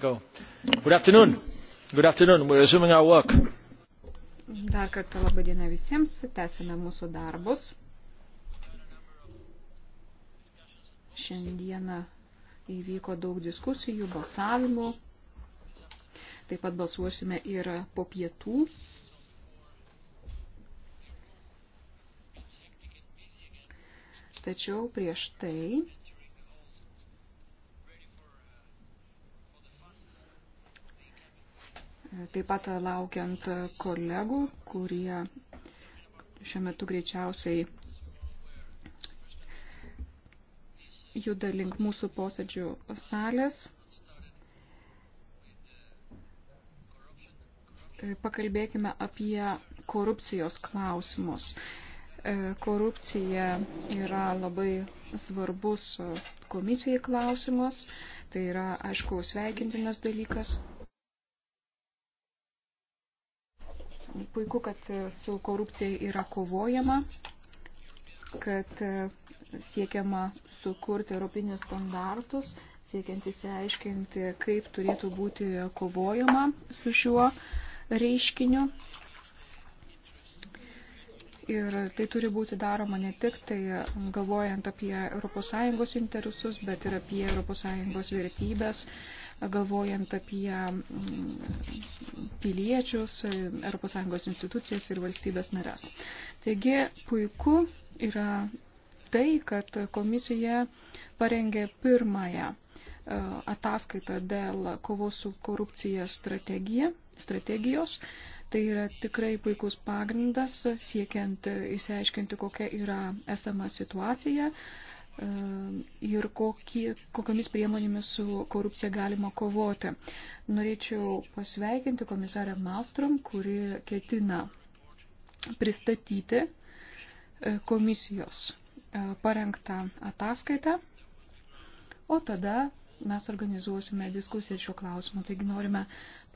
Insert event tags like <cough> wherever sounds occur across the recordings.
Good afternoon. Good afternoon. We're resuming our work. Dar kartą labai diena visiems. Tęsime mūsų darbus. Šiandieną įvyko daug diskusijų, balsavimų. Taip pat balsuosime ir po pietų. Tačiau prieš tai Taip pat laukiant kolegų, kurie šiuo metu greičiausiai juda link mūsų posėdžių salės. Pakalbėkime apie korupcijos klausimus. Korupcija yra labai svarbus komisijai klausimas. Tai yra, aišku, sveikintinas dalykas, puiku, kad e, su korupcija yra kovojama, kad e, siekiama sukurti europinius standartus, siekiant įsiaiškinti, kaip turėtų būti kovojama su šiuo reiškiniu. Ir tai turi būti daroma ne tik tai galvojant apie ES interesus, bet ir apie ES vertybės, galvojant apie mm, piliečius, ES institucijas ir valstybės nares. Taigi puiku yra tai, kad komisija parengė pirmąją e, ataskaitą dėl kovos su korupcija strategijos. Tai yra tikrai puikus pagrindas siekiant įsiaiškinti, kokia yra esama situacija, Ehm, ir kokie, kokiamis priemonėmis su korupcija galima kovoti. Norėčiau pasveikinti komisarę Malstrom, kuri ketina pristatyti e, komisijos e, parengtą ataskaitą, o tada mes organizuosime diskusiją šiuo klausimu. Taigi norime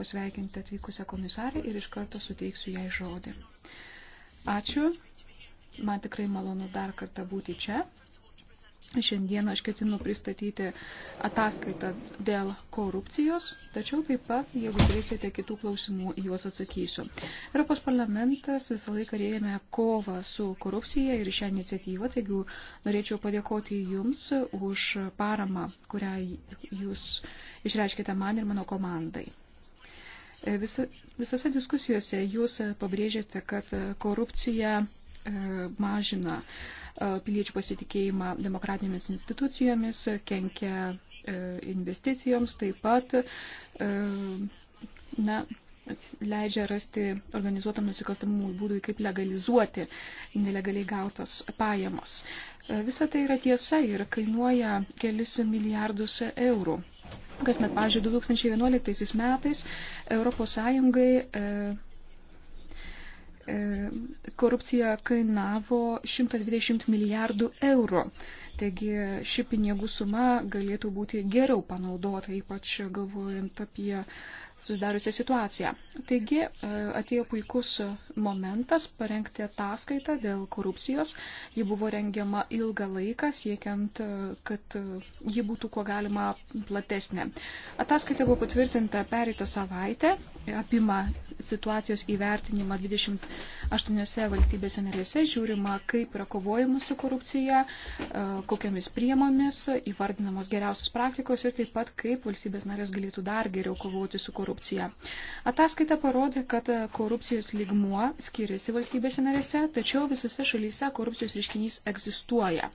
pasveikinti atvykusią komisarę ir iš karto suteiksiu jai žodį. Ačiū. Man tikrai malonu dar kartą būti čia Šiandien aš ketinu pristatyti ataskaitą dėl korupcijos, tačiau taip pat, jeigu turėsite kitų klausimų, juos atsakysiu. Europos parlamentas visą laiką rėmė kovą su korupcija ir šią iniciatyvą, taigi norėčiau padėkoti Jums už paramą, kurią Jūs išreiškite man ir mano komandai. Vis, visose diskusijose Jūs pabrėžėte, kad korupcija e, mažina piliečių pasitikėjimą demokratinėmis institucijomis, kenkia e, investicijoms, taip pat e, na, leidžia rasti organizuotam nusikalstamumui būdui, kaip legalizuoti nelegaliai gautas pajamas. E, visa tai yra tiesa ir kainuoja kelis milijardus eurų. Kasmet, pavyzdžiui, 2011 metais Europos Sąjungai E, korupcija kainavo 120 milijardų eurų. Taigi ši pinigų suma galėtų būti geriau panaudota, ypač galvojant apie susidariusią situaciją. Taigi e, atėjo puikus momentas parengti ataskaitą dėl korupcijos. Ji buvo rengiama ilgą laiką, siekiant, e, kad e, ji būtų kuo galima platesnė. Ataskaita buvo patvirtinta pereitą savaitę, apima situacijos įvertinimą 28 valstybėse narėse, žiūrima, kaip yra kovojama su korupcija, kokiamis priemomis, įvardinamos geriausios praktikos ir taip pat, kaip valstybės narės galėtų dar geriau kovoti su korupcija korupciją. Ataskaita parodė, kad korupcijos lygmuo skiriasi valstybėse narėse, tačiau visose šalyse korupcijos reiškinys egzistuoja.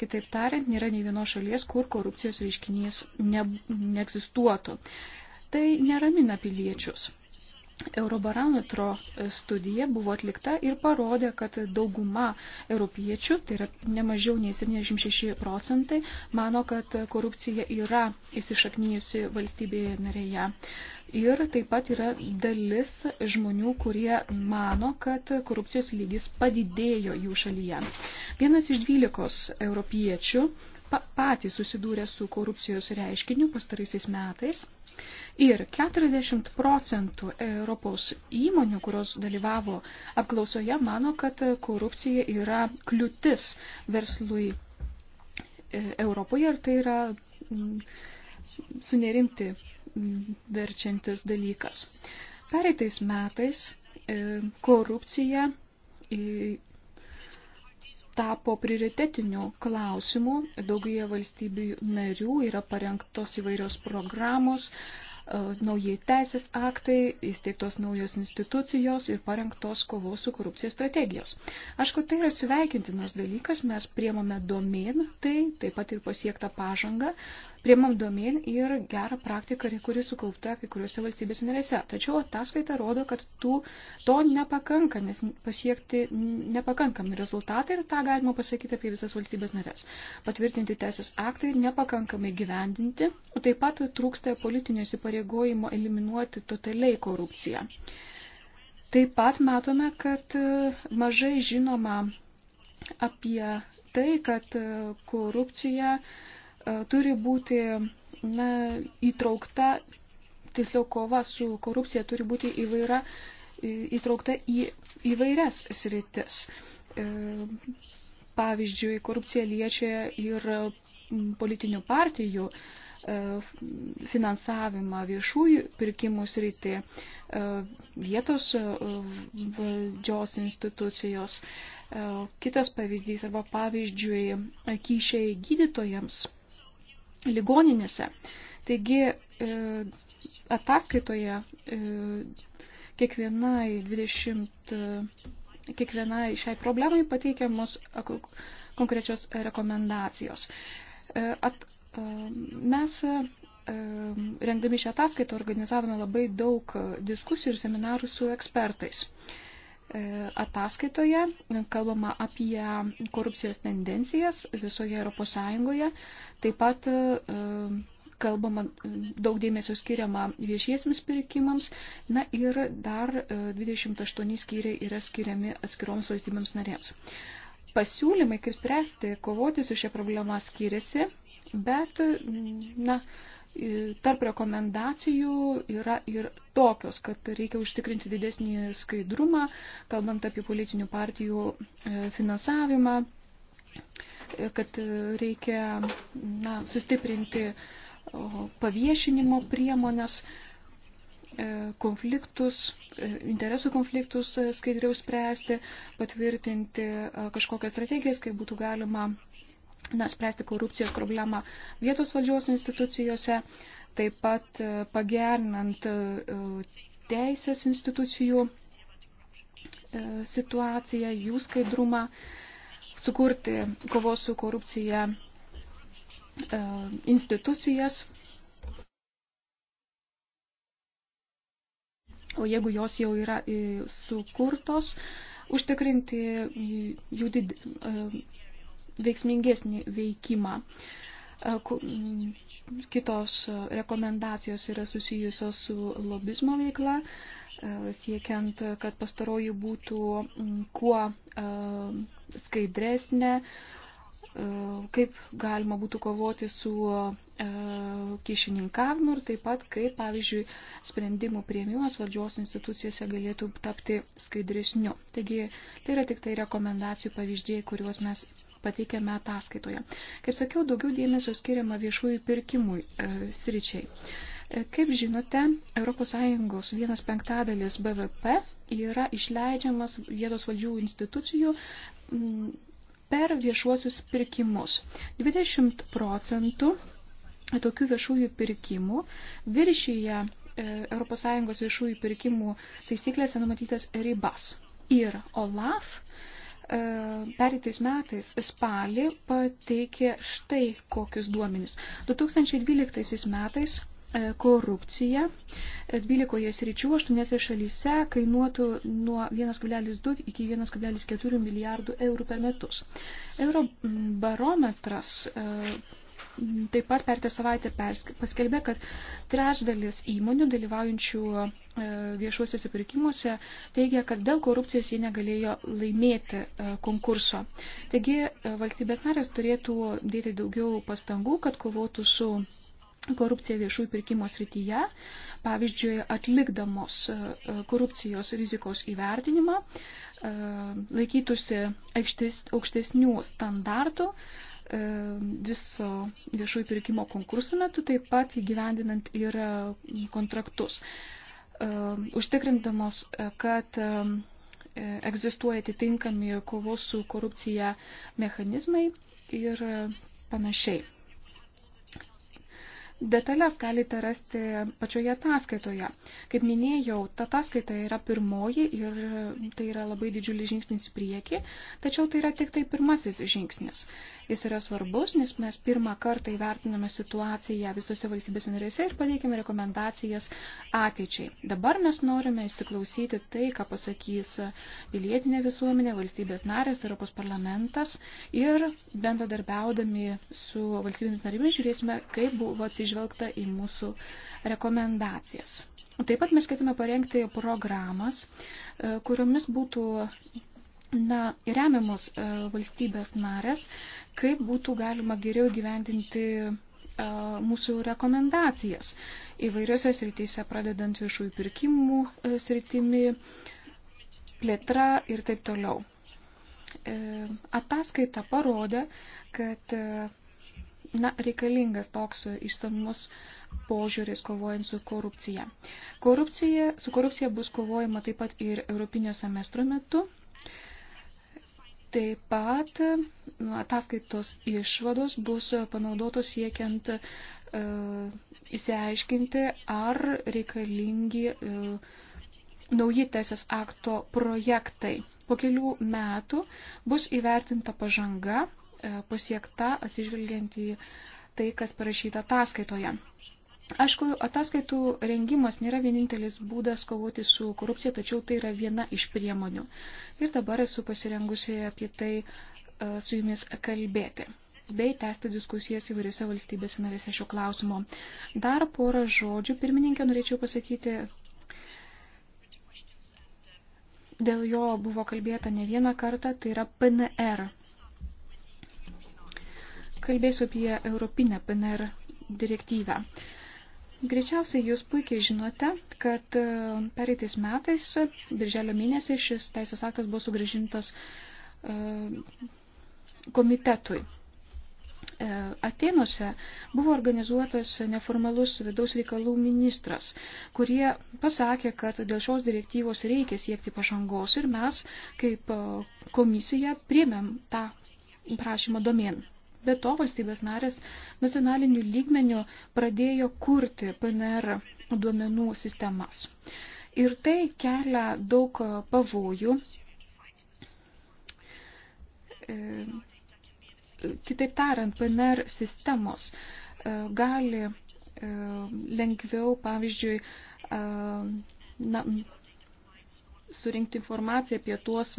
Kitaip tariant, nėra nei vienos šalies, kur korupcijos reiškinys ne, neegzistuotų. Tai neramina piliečius. Eurobarometro studija buvo atlikta ir parodė, kad dauguma europiečių, tai yra nemažiau nei 76 procentai, mano, kad korupcija yra įsišaknyjusi valstybėje narėje. Ir taip pat yra dalis žmonių, kurie mano, kad korupcijos lygis padidėjo jų šalyje. Vienas iš dvylikos europiečių patys susidūrė su korupcijos reiškiniu pastaraisiais metais Ir 40 procentų Europos įmonių, kurios dalyvavo apklausoje, mano, kad korupcija yra kliūtis verslui e, Europoje ir tai yra sunerimti verčiantis dalykas. Pereitais metais e, korupcija tapo prioritetiniu klausimu. Daugie valstybių narių yra parengtos įvairios programos, e, naujai teisės aktai, įsteigtos naujos institucijos ir parengtos kovos su korupcija strategijos. Aišku, tai yra sveikintinas dalykas, mes priemame domen tai, taip pat ir pasiektą pažangą, priemam domin ir gerą praktiką, kuri sukaupta kai kuriuose valstybės narėse. Tačiau ataskaita rodo, kad tų, to nepakanka, nes pasiekti nepakankami rezultatai ir tą galima pasakyti apie visas valstybės narės. Patvirtinti teisės aktai nepakankamai gyvendinti, taip pat trūksta politinio įsipareigojimo eliminuoti totaliai korupciją. Taip pat matome, kad e, mažai žinoma apie tai, kad e, korupcija E, turi būti na, įtraukta, tiksliau kova su korupcija turi būti įvaira, įtraukta į įvairias sritis. E, pavyzdžiui, korupcija liečia ir politinių partijų e, finansavimą viešųjų pirkimų sritį, vietos valdžios institucijos. Kitas pavyzdys arba pavyzdžiui kyšiai gydytojams – ligoninėse. Taigi e, ataskaitoje e, kiekvienai 20 e, kiekvienai šiai problemai pateikiamos konkrečios rekomendacijos. At, mes rengdami šią ataskaitą organizavome labai daug diskusijų ir seminarų su ekspertais. E, ataskaitoje kalbama apie korupcijos tendencijas visoje Europos Sąjungoje. Taip pat e, kalbama, daug dėmesio skiriama viešiesiams pirkimams. Na ir dar 28 e, skyriai yra skiriami atskiroms valstybėms narėms. Pasiūlymai, kaip spręsti, kovoti su šia problema skiriasi, bet, na, Tarp rekomendacijų yra ir tokios, kad reikia užtikrinti didesnį skaidrumą, kalbant apie politinių partijų e, finansavimą, e, kad reikia na, sustiprinti paviešinimo priemonės, e, konfliktus, interesų konfliktus skaidriau spręsti, patvirtinti kažkokias strategijas, kaip būtų galima na, spręsti korupcijos problemą vietos valdžios institucijose, taip pat e, pagernant e, teisės institucijų e, situaciją, jų skaidrumą, sukurti kovos su korupcija institucijas. O jeigu jos jau yra sukurtos, užtikrinti jų did, veiksmingesnį veikimą. E, kitos rekomendacijos yra susijusios su lobizmo veikla, e, siekiant, kad pastaroji būtų kuo e, skaidresnė, kaip galima būtų kovoti su kišininkavimu ir taip pat, kaip, pavyzdžiui, sprendimų prieimimas valdžios institucijose galėtų tapti skaidresniu. Taigi, tai yra tik tai rekomendacijų pavyzdžiai, kuriuos mes pateikėme ataskaitoje. Kaip sakiau, daugiau dėmesio skiriama viešųjų pirkimui e, sričiai. E, kaip žinote, ES vienas penktadalis BVP yra išleidžiamas vietos valdžių institucijų m, per viešuosius pirkimus. 20 procentų tokių viešųjų pirkimų viršyje ES viešųjų pirkimų taisyklėse numatytas ribas. Ir OLAF E, pereitais metais spalį pateikė štai kokius duomenys. 2012 metais e, korupcija 12 e, sričių 8 šalyse kainuotų nuo 1,2 iki 1,4 milijardų eurų per metus. Eurobarometras taip pat per tą savaitę paskelbė, kad trečdalis įmonių dalyvaujančių e, viešuosiuose pirkimuose teigia, kad dėl korupcijos jie negalėjo laimėti e, konkurso. Taigi e, valstybės narės turėtų dėti daugiau pastangų, kad kovotų su korupcija viešųjų pirkimo srityje, pavyzdžiui, atlikdamos korupcijos rizikos įvertinimą, laikytųsi aukštesnių standartų, E, viso viešųjų pirkimo konkursų metu, taip pat įgyvendinant ir e, kontraktus, e, užtikrindamos, kad egzistuoja atitinkami kovos su korupcija mechanizmai ir panašiai. Detalės galite rasti pačioje ataskaitoje. Kaip minėjau, ta ataskaita yra pirmoji ir tai yra labai didžiulis žingsnis į priekį, tačiau tai yra tik tai pirmasis žingsnis. Jis yra svarbus, nes mes pirmą kartą įvertiname situaciją visose valstybės narėse ir pateikėme rekomendacijas ateičiai. Dabar mes norime įsiklausyti tai, ką pasakys pilietinė visuomenė, valstybės narės, Europos parlamentas ir bendradarbiaudami su valstybėmis narėmis žiūrėsime, kaip buvo atsižiūrėti atsižvelgta į mūsų rekomendacijas. Taip pat mes ketime parengti programas, e, kuriomis būtų na, remiamos e, valstybės narės, kaip būtų galima geriau gyvendinti e, mūsų rekomendacijas įvairiose srityse, pradedant viešųjų pirkimų sritimi, plėtra ir taip toliau. Ataskaita parodė, kad na, reikalingas toks išsamus požiūris kovojant su korupcija. korupcija. Su korupcija bus kovojama taip pat ir Europinio semestro metu. Taip pat ataskaitos išvados bus panaudotos siekiant e, įsiaiškinti, ar reikalingi e, nauji teisės akto projektai. Po kelių metų bus įvertinta pažanga E, pasiekta atsižvelgiant į tai, kas parašyta ataskaitoje. Aišku, ataskaitų rengimas nėra vienintelis būdas kovoti su korupcija, tačiau tai yra viena iš priemonių. Ir dabar esu pasirengusi apie tai e, su jumis kalbėti bei tęsti diskusijas įvairiose valstybėse narėse šio klausimo. Dar porą žodžių, pirmininkė, norėčiau pasakyti, dėl jo buvo kalbėta ne vieną kartą, tai yra PNR Kalbėsiu apie Europinę PNR direktyvą. Greičiausiai jūs puikiai žinote, kad e, pereitais metais, birželio mėnesį, šis teisės aktas buvo sugražintas e, komitetui. E, Atenuose buvo organizuotas neformalus vidaus reikalų ministras, kurie pasakė, kad dėl šios direktyvos reikia siekti pažangos ir mes kaip komisija priemėm tą prašymą domen. Be to valstybės narės nacionaliniu lygmeniu pradėjo kurti PNR duomenų sistemas. Ir tai kelia daug pavojų. E, kitaip tariant, PNR sistemos e, gali e, lengviau, pavyzdžiui, na, surinkti informaciją apie tuos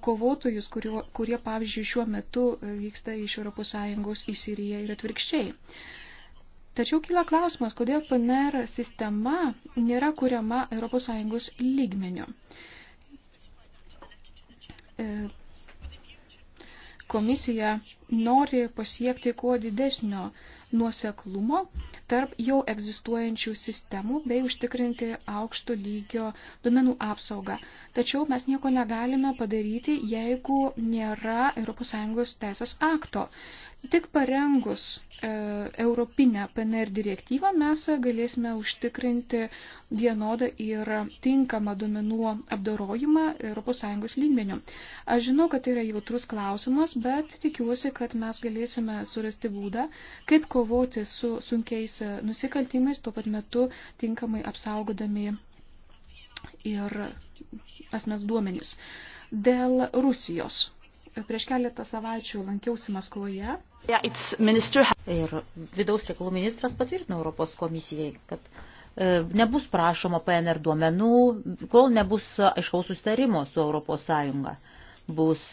kovotojus, kurio, kurie, pavyzdžiui, šiuo metu vyksta iš ES į Siriją ir atvirkščiai. Tačiau kyla klausimas, kodėl PNR sistema nėra kuriama ES lygmeniu. E, komisija nori pasiekti kuo didesnio uh, nuoseklumo tarp jau egzistuojančių sistemų bei užtikrinti aukšto lygio duomenų apsaugą. Tačiau mes nieko negalime padaryti, jeigu nėra ES teisės akto. Tik parengus e, Europinę PNR direktyvą mes galėsime užtikrinti vienodą ir tinkamą duomenų apdarojimą ES lygmenių. Aš žinau, kad tai yra jautrus klausimas, bet tikiuosi, kad mes galėsime surasti būdą, kaip kovoti su sunkiais nusikaltimais, tuo pat metu tinkamai apsaugodami ir asmens duomenys. Dėl Rusijos prieš keletą savaičių lankiausi Maskvoje. Ir vidaus reikalų ministras patvirtino Europos komisijai, kad e, nebus prašoma PNR duomenų, kol nebus aiškaus sustarimo su Europos Sąjunga. Bus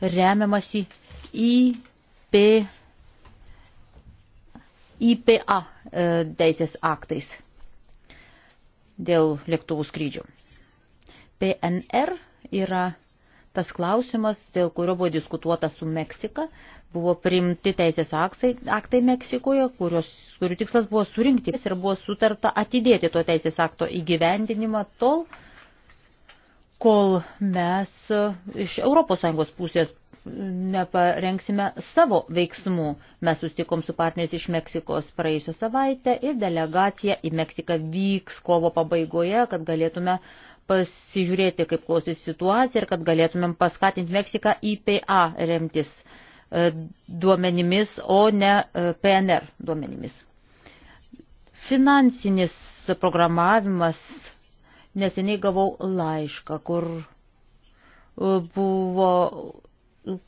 remiamasi IP, IPA e, teisės aktais dėl lėktuvų skrydžių. PNR yra Tas klausimas, dėl kurio buvo diskutuota su Meksika, buvo priimti teisės aktai, aktai Meksikoje, kurios, kurių tikslas buvo surinkti ir buvo sutarta atidėti to teisės akto įgyvendinimą tol, kol mes iš ES pusės neparengsime savo veiksmų. Mes sustikom su partneriais iš Meksikos praėjusią savaitę ir delegacija į Meksiką vyks kovo pabaigoje, kad galėtume pasižiūrėti, kaip klausys situacija ir kad galėtumėm paskatinti Meksiką IPA remtis e, duomenimis, o ne e, PNR duomenimis. Finansinis programavimas neseniai gavau laišką, kur e, buvo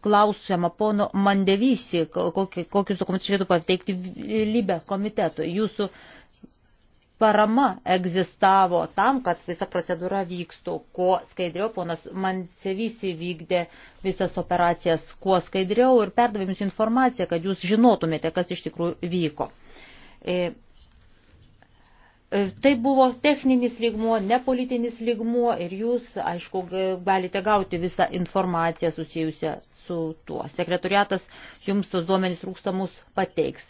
klausiama pono Mandevysi, kokius dokumentus reikėtų pateikti Libė komitetui. Jūsų parama egzistavo tam, kad visa procedūra vykstų kuo skaidriau. Ponas Mansevys įvykdė visas operacijas kuo skaidriau ir perdavė jums informaciją, kad jūs žinotumėte, kas iš tikrųjų vyko. E, e, tai buvo techninis lygmuo, ne politinis lygmuo ir jūs, aišku, galite gauti visą informaciją susijusią su tuo. Sekretoriatas jums tos duomenys trūkstamus pateiks.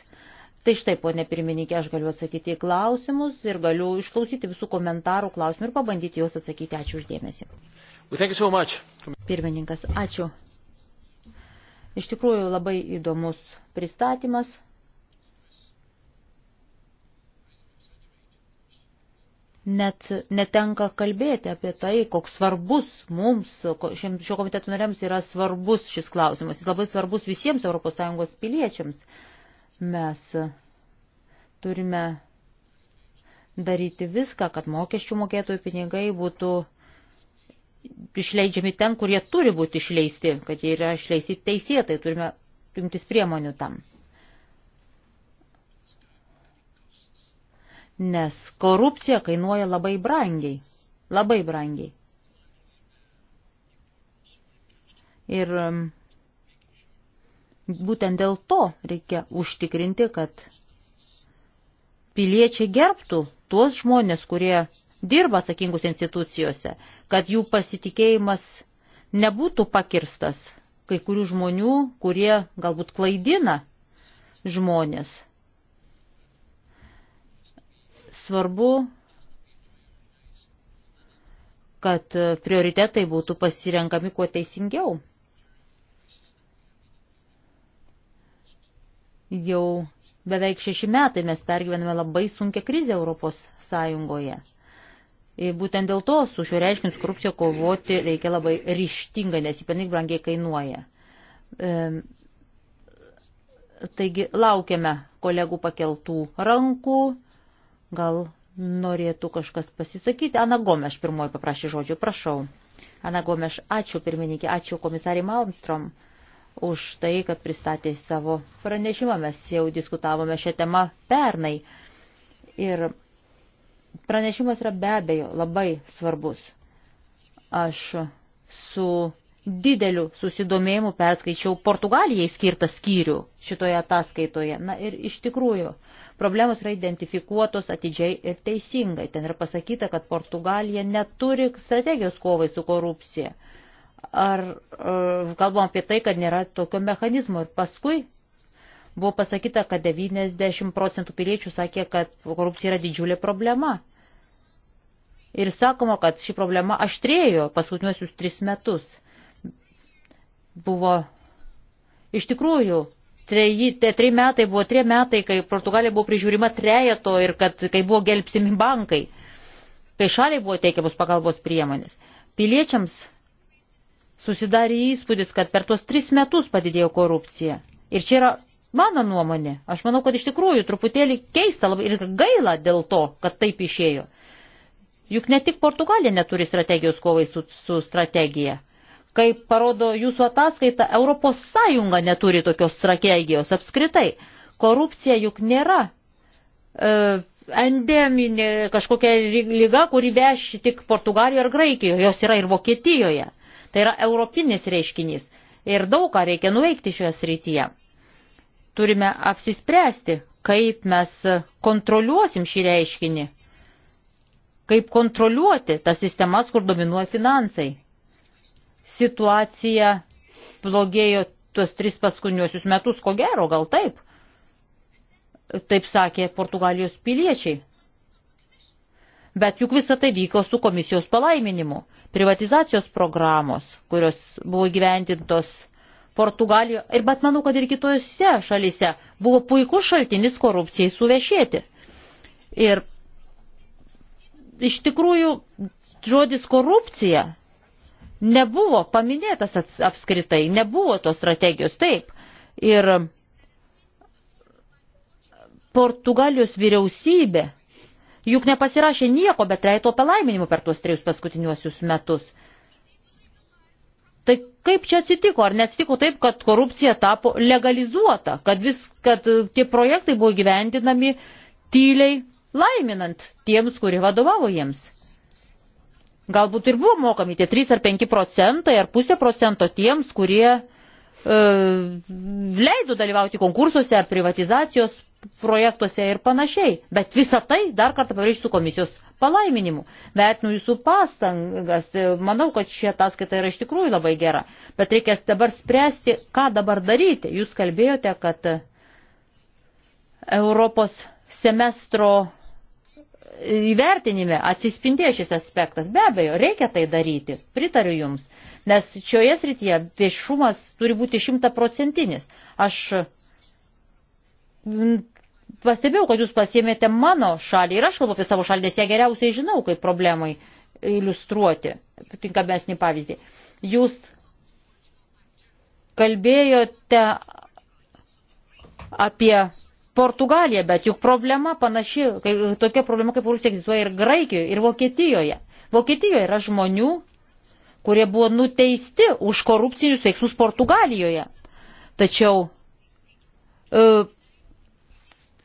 Tai štai, ponė pirmininkė, aš galiu atsakyti į klausimus ir galiu išklausyti visų komentarų, klausimų ir pabandyti juos atsakyti. Ačiū uždėmesi. So much. Pirmininkas, ačiū. Iš tikrųjų labai įdomus pristatymas. net netenka kalbėti apie tai, koks svarbus mums, šio komiteto nariams yra svarbus šis klausimas. Jis labai svarbus visiems ES piliečiams. Mes turime daryti viską, kad mokesčių mokėtojų pinigai būtų išleidžiami ten, kur jie turi būti išleisti, kad jie yra išleisti teisėtai, turime imtis priemonių tam. Nes korupcija kainuoja labai brangiai. Labai brangiai. Ir Būtent dėl to reikia užtikrinti, kad piliečiai gerbtų tuos žmonės, kurie dirba atsakingus institucijose, kad jų pasitikėjimas nebūtų pakirstas kai kurių žmonių, kurie galbūt klaidina žmonės. Svarbu, kad prioritetai būtų pasirenkami kuo teisingiau. Jau beveik šeši metai mes pergyvename labai sunkia krizė Europos Sąjungoje. Ir būtent dėl to su šiuo reiškiniu korupcija kovoti reikia labai ryštingai, nes jį panik brangiai kainuoja. E, taigi laukiame kolegų pakeltų rankų. Gal norėtų kažkas pasisakyti. Ana Gomeš pirmoji paprašė žodžio, prašau. Ana Gomeš, ačiū pirmininkė, ačiū komisarį Malmstrom už tai, kad pristatė savo pranešimą. Mes jau diskutavome šią temą pernai. Ir pranešimas yra be abejo labai svarbus. Aš su dideliu susidomėjimu perskaičiau Portugalijai skirtą skyrių šitoje ataskaitoje. Na ir iš tikrųjų, problemos yra identifikuotos atidžiai ir teisingai. Ten yra pasakyta, kad Portugalija neturi strategijos kovai su korupcija ar uh, kalbam apie tai, kad nėra tokio mechanizmo. Ir paskui buvo pasakyta, kad 90 procentų piliečių sakė, kad korupcija yra didžiulė problema. Ir sakoma, kad ši problema aštrėjo paskutiniuosius tris metus. Buvo iš tikrųjų treji, te, treji metai buvo tre metai, kai Portugalija buvo prižiūrima trejeto ir kad kai buvo gelbsimi bankai, kai šaliai buvo teikiamos pagalbos priemonės. Piliečiams susidarė įspūdis, kad per tuos tris metus padidėjo korupcija. Ir čia yra mano nuomonė. Aš manau, kad iš tikrųjų truputėlį keista labai ir gaila dėl to, kad taip išėjo. Juk ne tik Portugalija neturi strategijos kovai su, su strategija. Kaip parodo jūsų ataskaita, Europos Sąjunga neturi tokios strategijos apskritai. Korupcija juk nėra e, endeminė kažkokia lyga, kuri veši tik Portugalijoje ar Graikijoje, jos yra ir Vokietijoje. Tai yra europinis reiškinys ir daug ką reikia nuveikti šioje srityje. Turime apsispręsti, kaip mes kontroliuosim šį reiškinį, kaip kontroliuoti tas sistemas, kur dominuoja finansai. Situacija blogėjo tuos tris paskuniuosius metus, ko gero, gal taip. Taip sakė Portugalijos piliečiai. Bet juk visa tai vyko su komisijos palaiminimu privatizacijos programos, kurios buvo gyventintos Portugalijoje ir bet manau, kad ir kitose šalyse buvo puikus šaltinis korupcijai suvešėti. Ir iš tikrųjų žodis korupcija nebuvo paminėtas apskritai, nebuvo tos strategijos taip. Ir Portugalijos vyriausybė juk nepasirašė nieko, bet reito palaiminimo per tuos trejus paskutiniuosius metus. Tai kaip čia atsitiko? Ar neatsitiko taip, kad korupcija tapo legalizuota, kad, vis, kad e, tie projektai buvo gyvendinami tyliai laiminant tiems, kurie vadovavo jiems? Galbūt ir buvo mokami tie 3 ar 5 procentai ar pusė procento tiems, kurie e, leido dalyvauti konkursuose ar privatizacijos projektuose ir panašiai. Bet visą tai dar kartą pabrėžiu su komisijos palaiminimu. Vertinu jūsų pastangas, manau, kad ši ataskaita yra iš tikrųjų labai gera. Bet reikės dabar spręsti, ką dabar daryti. Jūs kalbėjote, kad Europos semestro įvertinime atsispindėjo šis aspektas. Be abejo, reikia tai daryti, pritariu Jums, nes šioje srityje viešumas turi būti šimtaprocentinis. Aš Mm, pastebėjau, kad jūs pasiemėte mano šalį ir aš kalbu apie savo šalį, nes ją geriausiai žinau, kaip problemai iliustruoti tinkamesnį pavyzdį. Jūs kalbėjote apie Portugaliją, bet juk problema panaši, kai, tokia problema kaip Rusija egzistuoja ir Graikijoje, ir Vokietijoje. Vokietijoje yra žmonių, kurie buvo nuteisti už korupcinius veiksmus Portugalijoje. Tačiau e,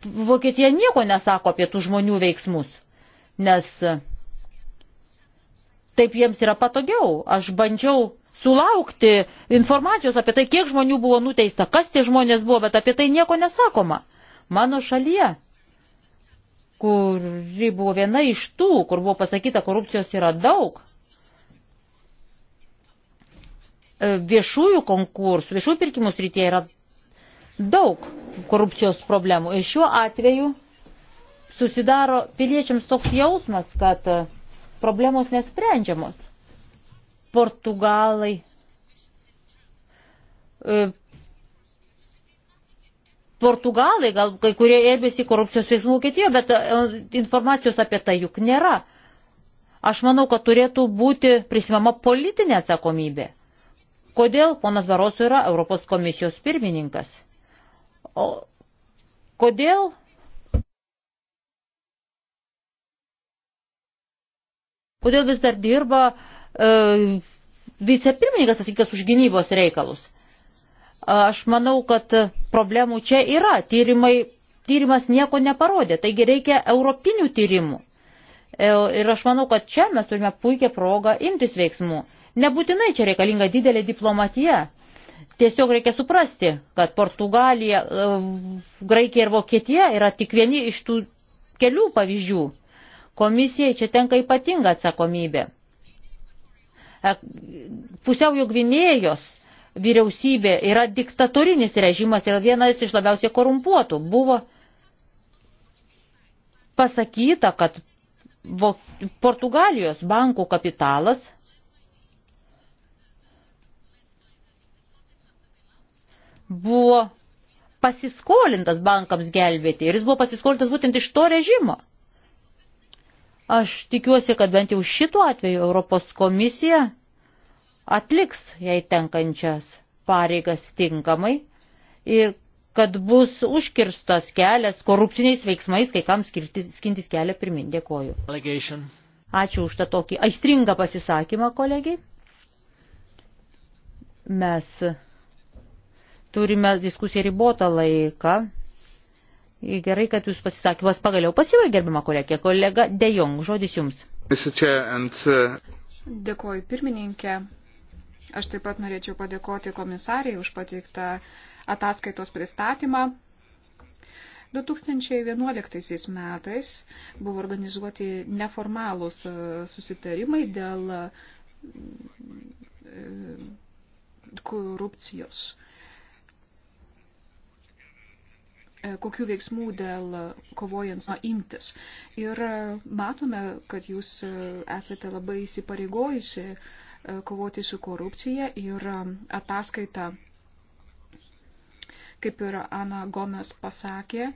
Vokietija nieko nesako apie tų žmonių veiksmus, nes taip jiems yra patogiau. Aš bandžiau sulaukti informacijos apie tai, kiek žmonių buvo nuteista, kas tie žmonės buvo, bet apie tai nieko nesakoma. Mano šalyje, kuri buvo viena iš tų, kur buvo pasakyta, korupcijos yra daug, viešųjų konkursų, viešųjų pirkimų srityje yra daug korupcijos problemų. Ir šiuo atveju susidaro piliečiams toks jausmas, kad e, problemos nesprendžiamos. Portugalai. E, Portugalai gal kai kurie ėmėsi korupcijos veiksmų Vokietijoje, bet e, informacijos apie tai juk nėra. Aš manau, kad turėtų būti prisimama politinė atsakomybė. Kodėl ponas Baroso yra Europos komisijos pirmininkas? O kodėl? Kodėl vis dar dirba e, vicepirmininkas atsakingas už gynybos reikalus? Aš manau, kad problemų čia yra. Tyrimai, tyrimas nieko neparodė, taigi reikia europinių tyrimų. E, ir aš manau, kad čia mes turime puikią progą imtis veiksmų. Nebūtinai čia reikalinga didelė diplomatija. Tiesiog reikia suprasti, kad Portugalija, e, Graikija ir Vokietija yra tik vieni iš tų kelių pavyzdžių. Komisijai čia tenka ypatinga atsakomybė. E, Pusiaujo Gvinėjos vyriausybė yra diktatorinis režimas, yra vienas iš labiausiai korumpuotų. Buvo pasakyta, kad Portugalijos bankų kapitalas buvo pasiskolintas bankams gelbėti ir jis buvo pasiskolintas būtent iš to režimo. Aš tikiuosi, kad bent jau šituo atveju Europos komisija atliks jai tenkančias pareigas tinkamai ir kad bus užkirstas kelias korupciniais veiksmais, kai kam skirti, skintis kelią pirmin. Dėkoju. Allegation. Ačiū už tą tokį aistringą pasisakymą, kolegiai. Mes Turime diskusiją ribotą laiką. Gerai, kad jūs pasisakymas pagaliau pasibaigė, gerbima kolegė. Kolega De Jong, žodis jums. Uh, Dėkuoju pirmininkė. Aš taip pat norėčiau padėkoti komisariai už pateiktą ataskaitos pristatymą. 2011 metais buvo organizuoti neformalūs uh, susitarimai dėl uh, korupcijos. kokių veiksmų dėl kovojant nuo imtis. Ir e, matome, kad jūs e, esate labai įsipareigojusi e, kovoti su korupcija ir ataskaita, kaip ir Ana Gomes pasakė,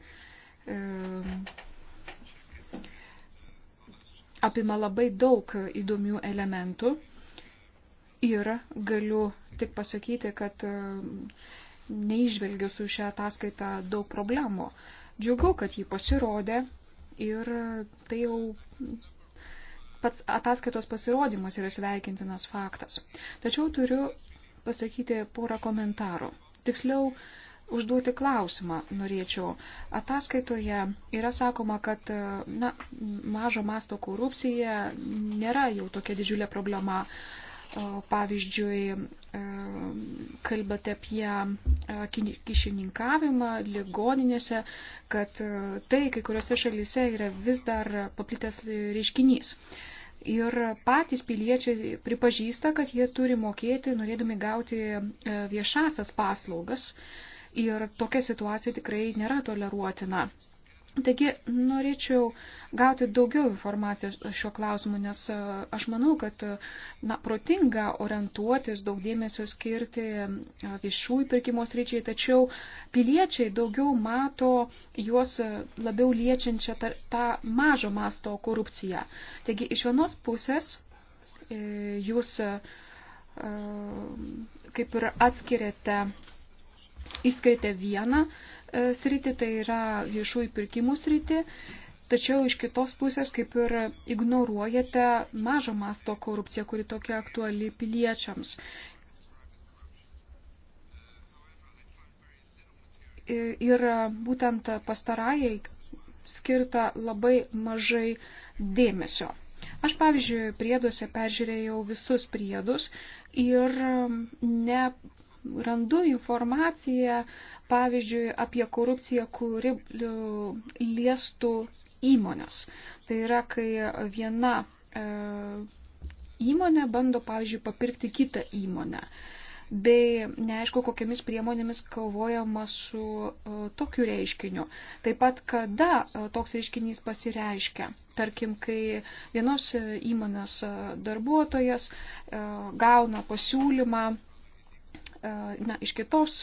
apima labai daug įdomių elementų ir galiu tik pasakyti, kad uh, neižvelgiu su šią ataskaitą daug problemų. Džiugu, kad jį pasirodė ir tai jau pats ataskaitos pasirodymas yra sveikintinas faktas. Tačiau turiu pasakyti porą komentarų. Tiksliau, užduoti klausimą norėčiau. Ataskaitoje yra sakoma, kad na, mažo masto korupcija nėra jau tokia didžiulė problema. Pavyzdžiui, e, kalbate apie e, kišininkavimą ligoninėse, kad e, tai kai kuriuose šalyse yra vis dar paplitęs reiškinys. Ir patys piliečiai pripažįsta, kad jie turi mokėti, norėdami gauti viešasias paslaugas. Ir tokia situacija tikrai nėra toleruotina. Taigi norėčiau gauti daugiau informacijos šiuo klausimu, nes e, aš manau, kad e, na, protinga orientuotis, daug dėmesio skirti e, viešųjų pirkimo sryčiai, tačiau piliečiai daugiau mato juos labiau liečiančią tą mažo masto korupciją. Taigi iš vienos pusės jūs kaip ir atskiriate įskaitė vieną e, sritį, tai yra viešųjų pirkimų sritį. Tačiau iš kitos pusės kaip ir ignoruojate mažo masto korupciją, kuri tokia aktuali piliečiams. Ir būtent pastarajai skirta labai mažai dėmesio. Aš, pavyzdžiui, prieduose peržiūrėjau visus priedus ir ne randu informaciją, pavyzdžiui, apie korupciją, kuri e, liestų įmonės. Tai yra, kai viena e, įmonė bando, pavyzdžiui, papirkti kitą įmonę. Bei neaišku, kokiamis priemonėmis kovojama su uh, tokiu reiškiniu. Taip pat, kada uh, toks reiškinys pasireiškia. Tarkim, kai vienos įmonės darbuotojas uh, gauna pasiūlymą E, na, iš kitos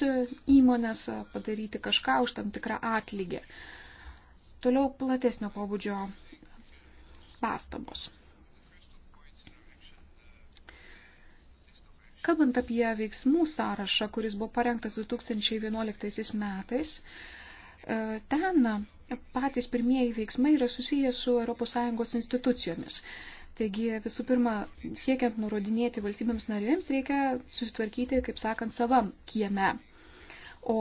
įmonės padaryti kažką už tam tikrą atlygį. Toliau platesnio pobūdžio pastabos. Kalbant apie veiksmų sąrašą, kuris buvo parengtas 2011 metais, e, ten patys pirmieji veiksmai yra susiję su ES institucijomis. Taigi visų pirma, siekiant nurodinėti valstybėms narėms, reikia susitvarkyti, kaip sakant, savam kieme. O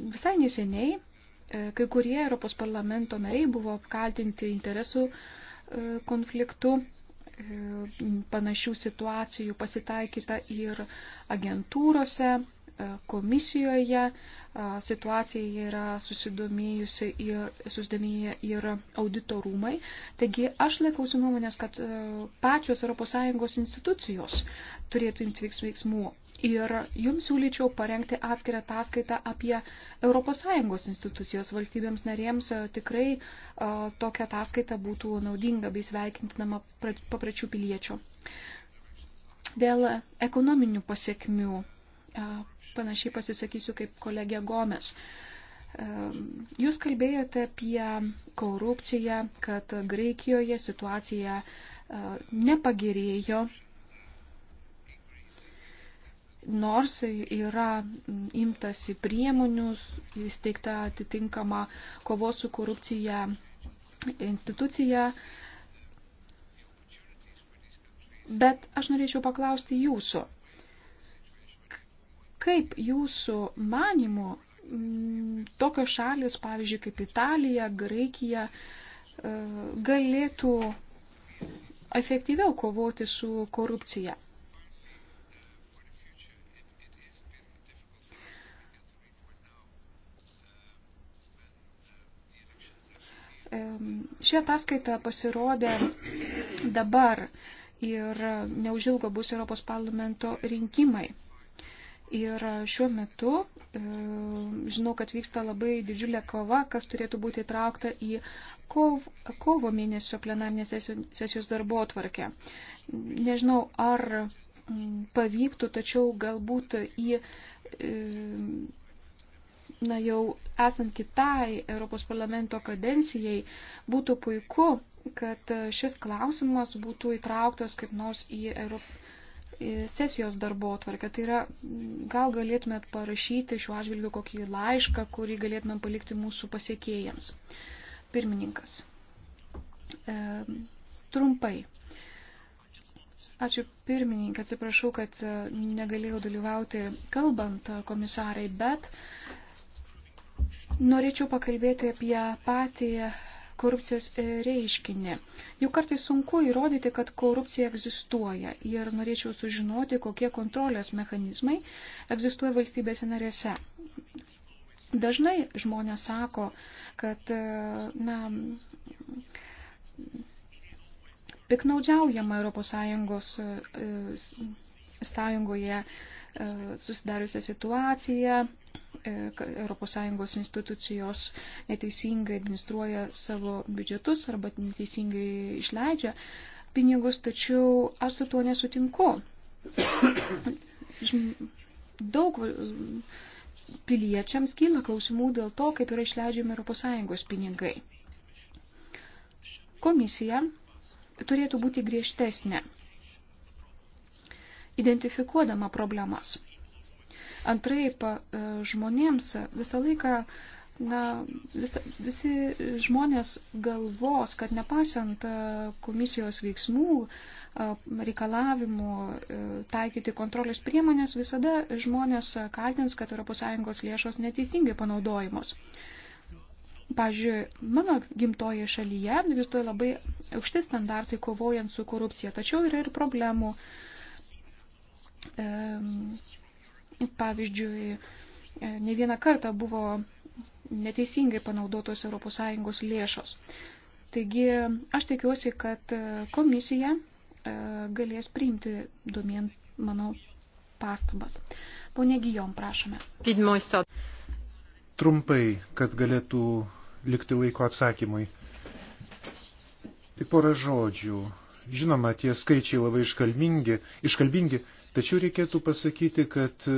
visai neseniai e, kai kurie Europos parlamento nariai buvo apkaltinti interesų e, konfliktų e, panašių situacijų pasitaikyta ir agentūrose, komisijoje. Situacija yra susidomėjusi ir susidomėję ir auditorumai. Taigi aš laikausi nuomonės, kad e, pačios ES institucijos turėtų imti veiksmų. Ir jums siūlyčiau parengti atskirą ataskaitą apie ES institucijos valstybėms narėms. E, tikrai tokia ataskaita būtų naudinga bei sveikintinama papračių piliečio dėl ekonominių pasiekmių panašiai pasisakysiu kaip kolegė Gomes. Jūs kalbėjote apie korupciją, kad Graikijoje situacija e, nepagerėjo, nors yra imtasi priemonių, įsteigta atitinkama kovos su korupcija institucija. Bet aš norėčiau paklausti jūsų Kaip jūsų manimų tokios šalis, pavyzdžiui, kaip Italija, Graikija, e, galėtų efektyviau kovoti su korupcija? Ši ataskaita pasirodė dabar ir neužilgo bus Europos parlamento rinkimai. Ir šiuo metu e, žinau, kad vyksta labai didžiulė kova, kas turėtų būti įtraukta į kov, kovo mėnesio plenarinės sesijos darbo atvarkę. Nežinau, ar pavyktų, tačiau galbūt į, e, na jau esant kitai Europos parlamento kadencijai, būtų puiku, kad šis klausimas būtų įtrauktas kaip nors į Europos sesijos darbo tvarkę. Tai yra, gal galėtumėt parašyti šiuo atžvilgiu kokį laišką, kurį galėtumėm palikti mūsų pasiekėjams. Pirmininkas. E, trumpai. Ačiū pirmininkė, atsiprašau, kad e, negalėjau dalyvauti kalbant e, komisarai, bet norėčiau pakalbėti apie patį korupcijos e, reiškinį. Juk kartai sunku įrodyti, kad korupcija egzistuoja ir norėčiau sužinoti, kokie kontrolės mechanizmai egzistuoja valstybėse narėse. Dažnai žmonės sako, kad e, na, piknaudžiaujama ES e, sąjungoje susidariusią situaciją, ES institucijos neteisingai administruoja savo biudžetus arba neteisingai išleidžia pinigus, tačiau aš su tuo nesutinku. Daug piliečiams kyla klausimų dėl to, kaip yra išleidžiami ES pinigai. Komisija turėtų būti griežtesnė, identifikuodama problemas. Antraip, e, žmonėms visą laiką na, visa, visi žmonės galvos, kad nepasiant e, komisijos veiksmų, e, reikalavimų taikyti kontrolės priemonės, visada žmonės kaltins, kad ES lėšos neteisingai panaudojamos. Pavyzdžiui, mano gimtoje šalyje egzistuoja labai aukšti standartai kovojant su korupcija, tačiau yra ir problemų. Ehm Pavyzdžiui, e, ne vieną kartą buvo neteisingai panaudotos ES lėšos. Taigi aš tikiuosi, kad e, komisija e, galės priimti domien mano pastabas. Pone Gijom, prašome. Trumpai, kad galėtų likti laiko atsakymui. Tik porą žodžių. Žinoma, tie skaičiai labai iškalbingi, iškalbingi Tačiau reikėtų pasakyti, kad e,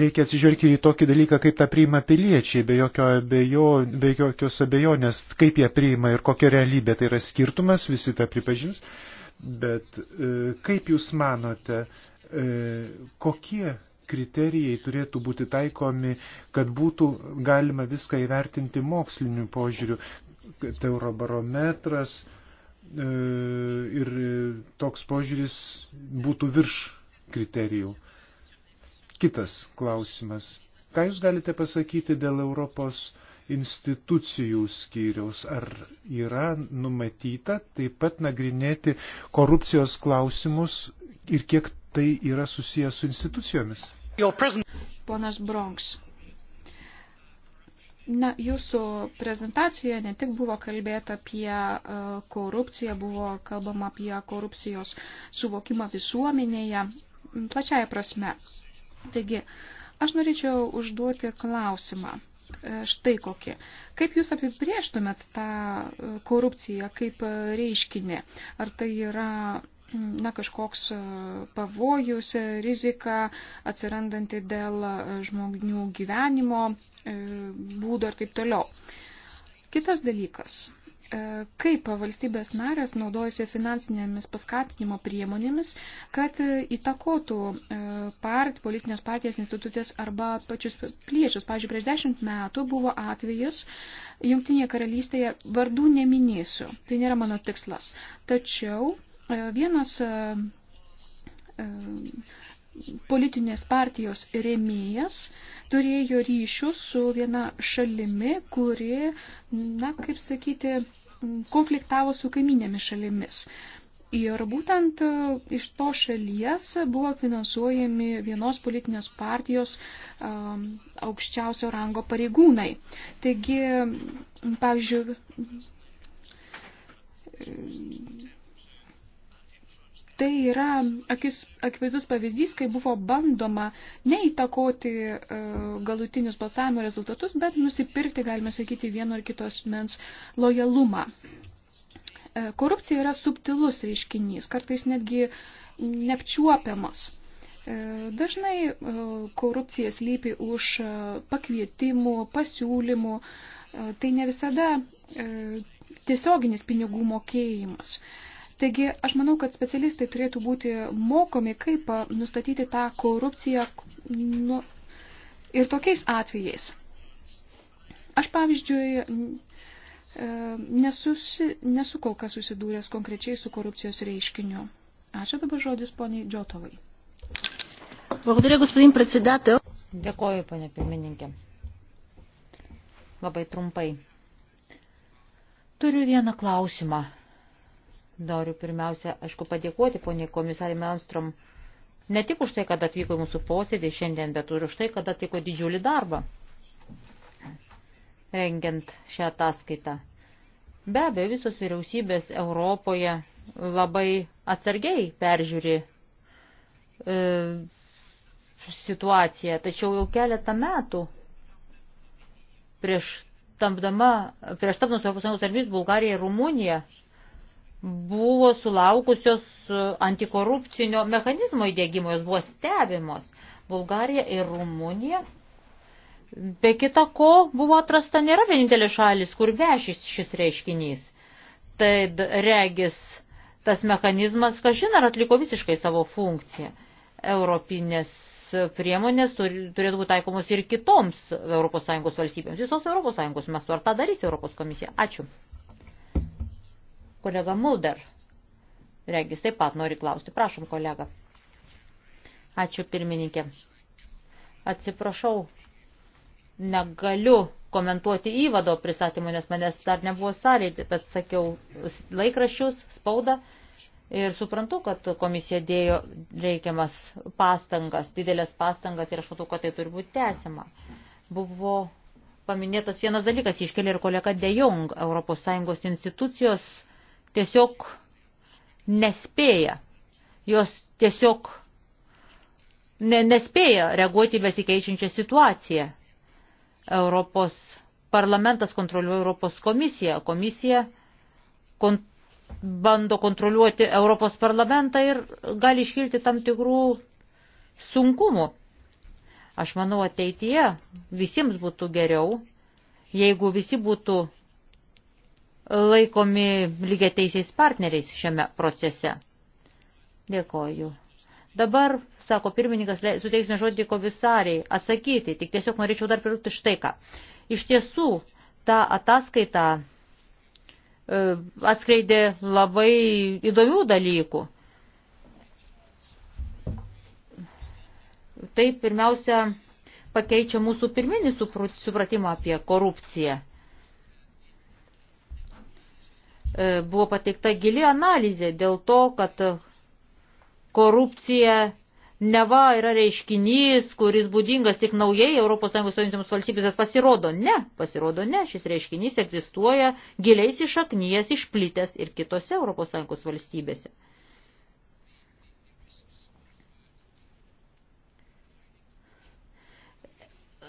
reikia atsižvelgti į tokį dalyką, kaip tą priima piliečiai, be, jokio abejo, be jokios abejonės, kaip jie priima ir kokia realybė. Tai yra skirtumas, visi tą pripažins. Bet e, kaip Jūs manote, e, kokie kriterijai turėtų būti taikomi, kad būtų galima viską įvertinti moksliniu požiūriu, kad eurobarometras ir toks požiūris būtų virš kriterijų. Kitas klausimas. Ką Jūs galite pasakyti dėl Europos institucijų skyriaus? Ar yra numatyta taip pat nagrinėti korupcijos klausimus ir kiek tai yra susijęs su institucijomis? Ponas Bronks. Na, jūsų prezentacijoje ne tik buvo kalbėta apie e, korupciją, buvo kalbama apie korupcijos suvokimą visuomenėje, plačiaja prasme. Taigi, aš norėčiau užduoti klausimą. E, štai kokį. Kaip Jūs apibrieštumėt tą e, korupciją kaip e, reiškinį? Ar tai yra na, kažkoks pavojus, rizika atsirandanti dėl žmonių gyvenimo būdo ir taip toliau. Kitas dalykas. E, kaip valstybės narės naudojasi finansinėmis paskatinimo priemonėmis, kad e, įtakotų e, part, politinės partijas, institucijas arba pačius piliečius. Pavyzdžiui, prieš dešimt metų buvo atvejis Jungtinėje karalystėje, vardų neminėsiu, tai nėra mano tikslas. Tačiau vienas politinės partijos rėmėjas turėjo ryšių su viena šalimi, kuri, na, kaip sakyti, konfliktavo su kaiminėmis šalimis. Ir būtent e, iš to šalies buvo finansuojami vienos politinės partijos um, aukščiausio rango pareigūnai. Taigi, pavyzdžiui, Tai yra akis, akivaizdus pavyzdys, kai buvo bandoma neįtakoti e, galutinius balsavimo rezultatus, bet nusipirkti, galime sakyti, vieno ar kitos mens lojalumą. E, korupcija yra subtilus reiškinys, kartais netgi neapčiuopiamas. E, dažnai e, korupcija slypi už e, pakvietimų, pasiūlymų. Tai ne visada tiesioginis pinigų mokėjimas. Taigi, aš manau, kad specialistai turėtų būti mokomi, kaip nustatyti tą korupciją nu, ir tokiais atvejais. Aš, pavyzdžiui, e, nesusi, nesu kol kas susidūręs konkrečiai su korupcijos reiškiniu. Ačiū dabar žodis poniai Džiotovai. Dėkuoju, ponė pirmininkė. Labai trumpai. Turiu vieną klausimą Noriu pirmiausia, aišku, padėkoti poniai komisarė Melmstrom ne tik už tai, kad atvyko į mūsų posėdį šiandien, bet ir už tai, kad atliko didžiulį darbą rengiant šią ataskaitą. Be abejo, visos vyriausybės Europoje labai atsargiai peržiūri e, situaciją, tačiau jau keletą metų prieš tampdama, prieš tapnus Europos Sąjungos tarnybės Bulgarija ir Rumunija buvo sulaukusios e, antikorupcinio mechanizmo įdėgymo, jos buvo stebimos. Bulgarija ir Rumunija. Be kita ko, buvo atrasta nėra vienintelė šalis, kur vešis šis reiškinys. Tai regis tas mechanizmas, kažin ar atliko visiškai savo funkciją. Europinės priemonės turėtų būti taikomos ir kitoms ES valstybėms, visos ES mastu. Ar tą darys ES komisija? Ačiū. Kolega Mulder, regis taip pat nori klausti. Prašom, kolega. Ačiū, pirmininkė. Atsiprašau, negaliu komentuoti įvado pristatymų, nes manęs dar nebuvo sąlyje, bet sakiau laikraščius, spaudą. Ir suprantu, kad komisija dėjo reikiamas pastangas, didelės pastangas ir aš matau, kad tai turi būti tęsiama. Buvo paminėtas vienas dalykas, iškelia ir kolega De Jong, ES institucijos tiesiog nespėja. Jos tiesiog ne, nespėja reaguoti besikeičiančią situaciją. Europos parlamentas kontroliuoja Europos komisiją, komisija kon, bando kontroliuoti Europos parlamentą ir gali iškilti tam tikrų sunkumų. Aš manau, ateityje visiems būtų geriau, jeigu visi būtų laikomi lygiai teisiais partneriais šiame procese. Dėkoju. Dabar, sako pirmininkas, suteiksime žodį komisariai atsakyti, tik tiesiog norėčiau dar pridurti štai ką. Iš tiesų, ta ataskaita e, atskleidė labai įdomių dalykų. Tai pirmiausia pakeičia mūsų pirminį supratimą apie korupciją. E, buvo pateikta gili analizė dėl to, kad korupcija neva yra reiškinys, kuris būdingas tik naujai ES sąjungos valstybės, bet pasirodo ne, pasirodo ne, šis reiškinys egzistuoja giliais išaknyjas išplitęs ir kitose ES valstybėse.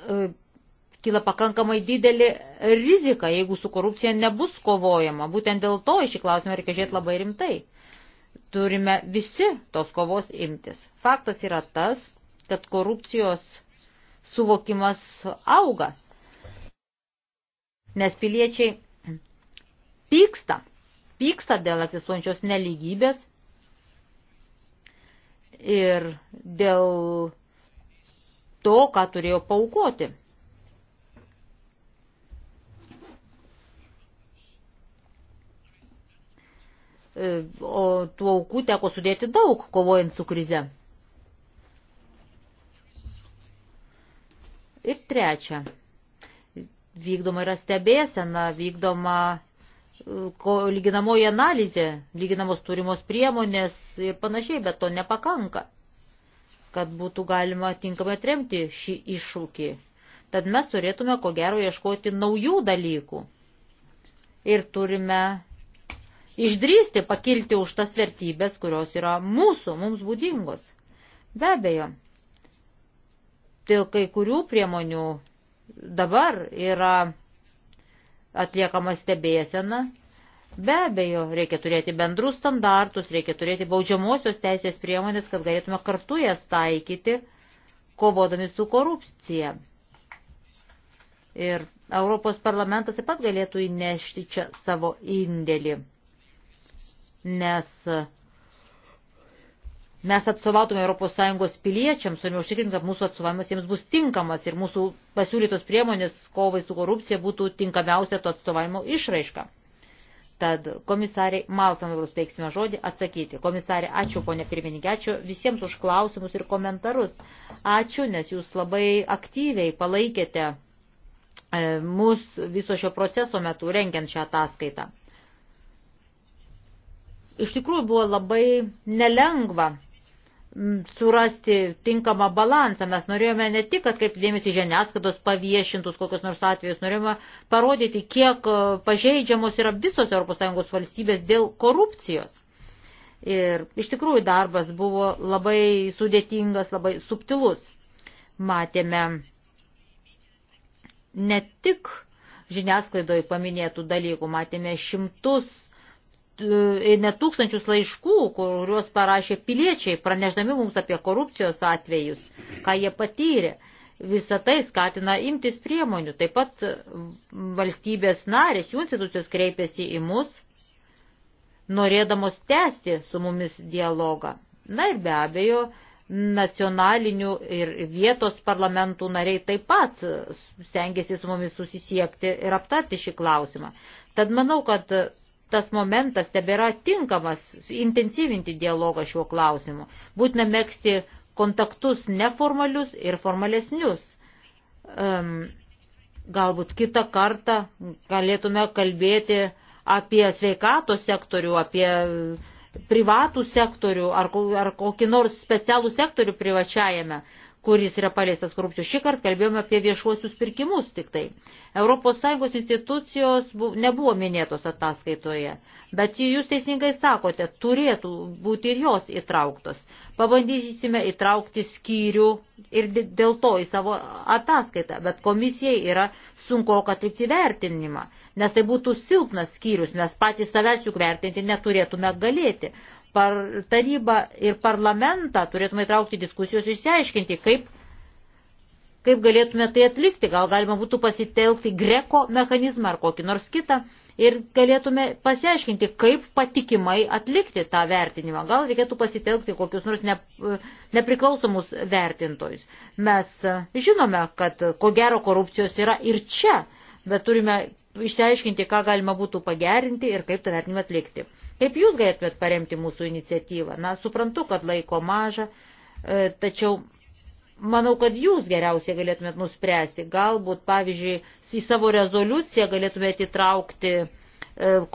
E, kyla pakankamai didelė rizika, jeigu su korupcija nebus kovojama. Būtent dėl to iš šį klausimą reikia žiūrėti labai rimtai. Turime visi tos kovos imtis. Faktas yra tas, kad korupcijos suvokimas auga, nes piliečiai pyksta, pyksta dėl egzistuojančios neligybės ir dėl to, ką turėjo paukoti E, o tų aukų teko sudėti daug, kovojant su krize. Ir trečia, vykdoma yra stebėsena, vykdoma e, lyginamoji analizė, lyginamos turimos priemonės ir panašiai, bet to nepakanka, kad būtų galima tinkamai atremti šį iššūkį. Tad mes turėtume, ko gero, ieškoti naujų dalykų. Ir turime išdrysti pakilti už tas vertybės, kurios yra mūsų, mums būdingos. Be abejo, dėl kai kurių priemonių dabar yra atliekama stebėsena. Be abejo, reikia turėti bendrus standartus, reikia turėti baudžiamosios teisės priemonės, kad galėtume kartu jas taikyti, kovodami su korupcija. Ir Europos parlamentas taip pat galėtų įnešti čia savo indėlį nes mes atstovautume ES piliečiams, o neužtikrinti, kad mūsų atstovavimas jiems bus tinkamas ir mūsų pasiūlytos priemonės kovai su korupcija būtų tinkamiausia to atstovavimo išraiška. Tad komisariai Maltomai teiksime žodį atsakyti. Komisarė, ačiū ponė pirmininkė, ačiū visiems už klausimus ir komentarus. Ačiū, nes jūs labai aktyviai palaikėte e, mus viso šio proceso metu rengiant šią ataskaitą iš tikrųjų buvo labai nelengva mm, surasti tinkamą balansą. Mes norėjome ne tik atkreipti dėmesį žiniasklaidos paviešintus kokius nors atvejus, norėjome parodyti, kiek e, pažeidžiamos yra visos ES valstybės dėl korupcijos. Ir iš tikrųjų darbas buvo labai sudėtingas, labai subtilus. Matėme ne tik žiniasklaidoje paminėtų dalykų, matėme šimtus E, net tūkstančius laiškų, kuriuos parašė piliečiai, praneždami mums apie korupcijos atvejus, ką jie patyrė. Visą tai skatina imtis priemonių. Taip pat valstybės narės, jų institucijos kreipiasi į mus, norėdamos tęsti su mumis dialogą. Na ir be abejo, nacionalinių ir vietos parlamentų nariai taip pat stengiasi su mumis susisiekti ir aptarti šį klausimą. Tad manau, kad tas momentas tebėra tinkamas intensyvinti dialogą šiuo klausimu. Būtina mėgsti kontaktus neformalius ir formalesnius. Um, galbūt kitą kartą galėtume kalbėti apie sveikato sektorių, apie privatų sektorių ar, ar kokį nors specialų sektorių privačiajame kuris yra paleistas korupcijos. Šį kartą kalbėjome apie viešuosius pirkimus tik tai. ES institucijos nebuvo minėtos ataskaitoje, bet jūs teisingai sakote, turėtų būti ir jos įtrauktos. Pabandysime įtraukti skyrių ir dėl to į savo ataskaitą, bet komisijai yra sunku atlikti vertinimą, nes tai būtų silpnas skyrius, mes patys savęs juk vertinti neturėtume galėti par, tarybą ir parlamentą turėtume įtraukti diskusijos ir išsiaiškinti, kaip, kaip galėtume tai atlikti. Gal galima būtų pasitelkti greko mechanizmą ar kokį nors kitą ir galėtume pasiaiškinti, kaip patikimai atlikti tą vertinimą. Gal reikėtų pasitelkti kokius nors ne, nepriklausomus vertintojus. Mes žinome, kad ko gero korupcijos yra ir čia, bet turime išsiaiškinti, ką galima būtų pagerinti ir kaip tą vertinimą atlikti. Kaip jūs galėtumėt paremti mūsų iniciatyvą? Na, suprantu, kad laiko maža, e, tačiau manau, kad jūs geriausiai galėtumėt nuspręsti. Galbūt, pavyzdžiui, į savo rezoliuciją galėtumėt įtraukti e,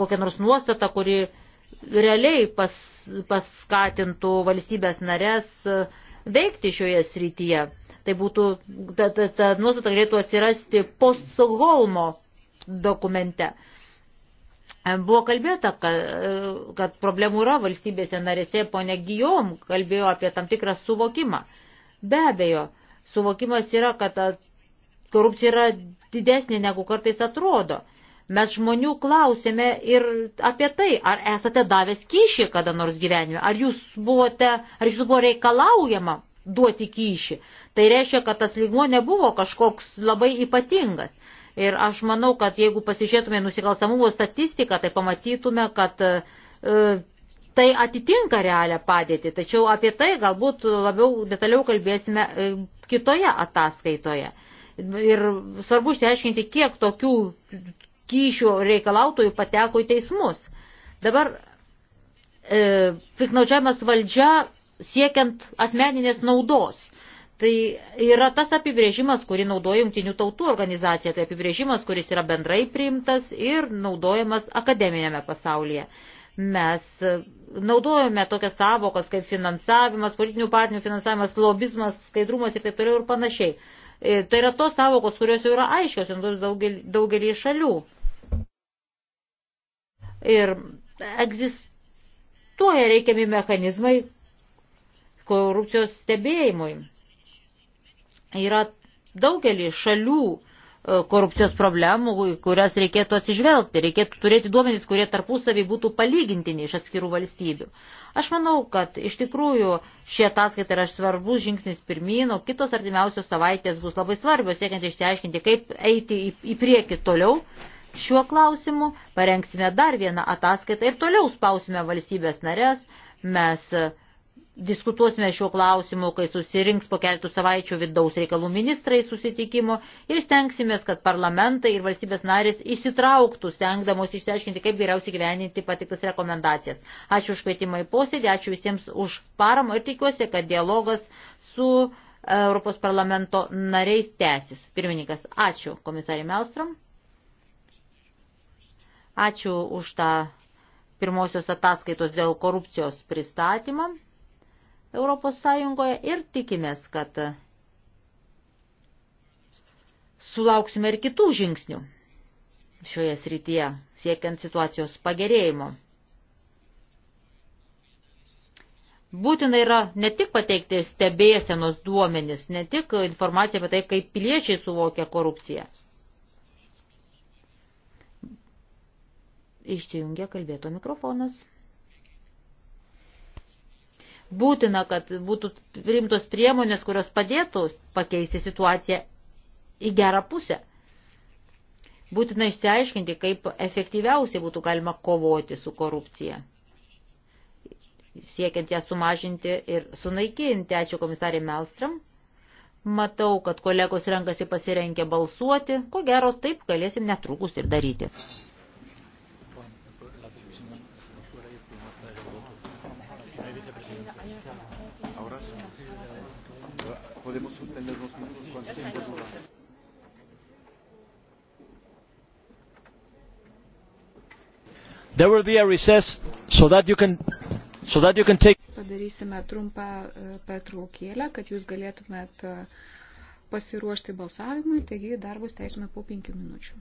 kokią nors nuostatą, kuri realiai pas, paskatintų valstybės narės e, veikti šioje srityje. Tai būtų, ta, ta, ta nuostata galėtų atsirasti post Stokholmo dokumente. Uh, Buvo kalbėta, kad, kad problemų yra valstybėse narėse, ponė Gijom kalbėjo apie tam tikrą suvokimą. Be abejo, suvokimas yra, kad korupcija yra didesnė negu kartais atrodo. Mes žmonių klausėme ir apie tai, ar esate davęs kyšį kada nors gyvenime, ar jūs buvote, ar jūs buvo reikalaujama duoti kyšį. Tai reiškia, kad tas lygmo nebuvo kažkoks labai ypatingas. Ir aš manau, kad jeigu pasižiūrėtume nusikalstamumo statistiką, tai pamatytume, kad e, tai atitinka realią padėtį. Tačiau apie tai galbūt labiau detaliau kalbėsime e, kitoje ataskaitoje. Ir svarbu išsiaiškinti, kiek tokių kyšių reikalautojų pateko į teismus. Dabar e, piknaudžiamas valdžia siekiant asmeninės naudos. Tai yra tas apibrėžimas, kurį naudoja Junktinių tautų organizacija, tai apibrėžimas, kuris yra bendrai priimtas ir naudojamas akademinėme pasaulyje. Mes e, naudojame tokias savokas kaip finansavimas, politinių partijų finansavimas, lobizmas, skaidrumas ir taip toliau ir panašiai. E, tai yra tos savokos, kurios jau yra aiškios daugelį, daugelį šalių. Ir egzistuoja reikiami mechanizmai korupcijos stebėjimui Yra daugelį šalių e, korupcijos problemų, kurias reikėtų atsižvelgti, reikėtų turėti duomenys, kurie tarpusavį būtų palygintini iš atskirų valstybių. Aš manau, kad iš tikrųjų šie ataskaita yra svarbus žingsnis pirmyn, o kitos artimiausios savaitės bus labai svarbios, siekiant išsiaiškinti, kaip eiti į, į priekį toliau šiuo klausimu, parengsime dar vieną ataskaitą ir toliau spausime valstybės narės, mes diskutuosime šiuo klausimu, kai susirinks po keletų savaičių vidaus reikalų ministrai susitikimo ir stengsimės, kad parlamentai ir valstybės narės įsitrauktų, stengdamos išsiaiškinti, kaip geriausiai gyveninti patiktas rekomendacijas. Ačiū už kvietimą į posėdį, ačiū visiems už paramą ir tikiuosi, kad dialogas su e, Europos parlamento nariais tęsis. Pirmininkas, ačiū komisarė Melstrom. Ačiū už tą pirmosios ataskaitos dėl korupcijos pristatymą. Europos Sąjungoje ir tikimės, kad sulauksime ir kitų žingsnių šioje srityje, siekiant situacijos pagerėjimo. Būtina yra ne tik pateikti stebėsenos duomenis, ne tik informacija apie tai, kaip piliečiai suvokia korupciją. Išsijungia kalbėto mikrofonas. Būtina, kad būtų rimtos priemonės, kurios padėtų pakeisti situaciją į gerą pusę. Būtina išsiaiškinti, kaip efektyviausiai būtų galima kovoti su korupcija, siekiant ją sumažinti ir sunaikinti. Ačiū komisarė Melstram. Matau, kad kolegos renkasi pasirenkę balsuoti, ko gero taip galėsim netrukus ir daryti. podemos suspendernos con tiempo durante. There will be a recess so that you can, so that you can take. Padarysime trumpą e, pertraukėlę, kad jūs galėtumėt e, pasiruošti balsavimui, taigi darbus teisime po penkių minučių.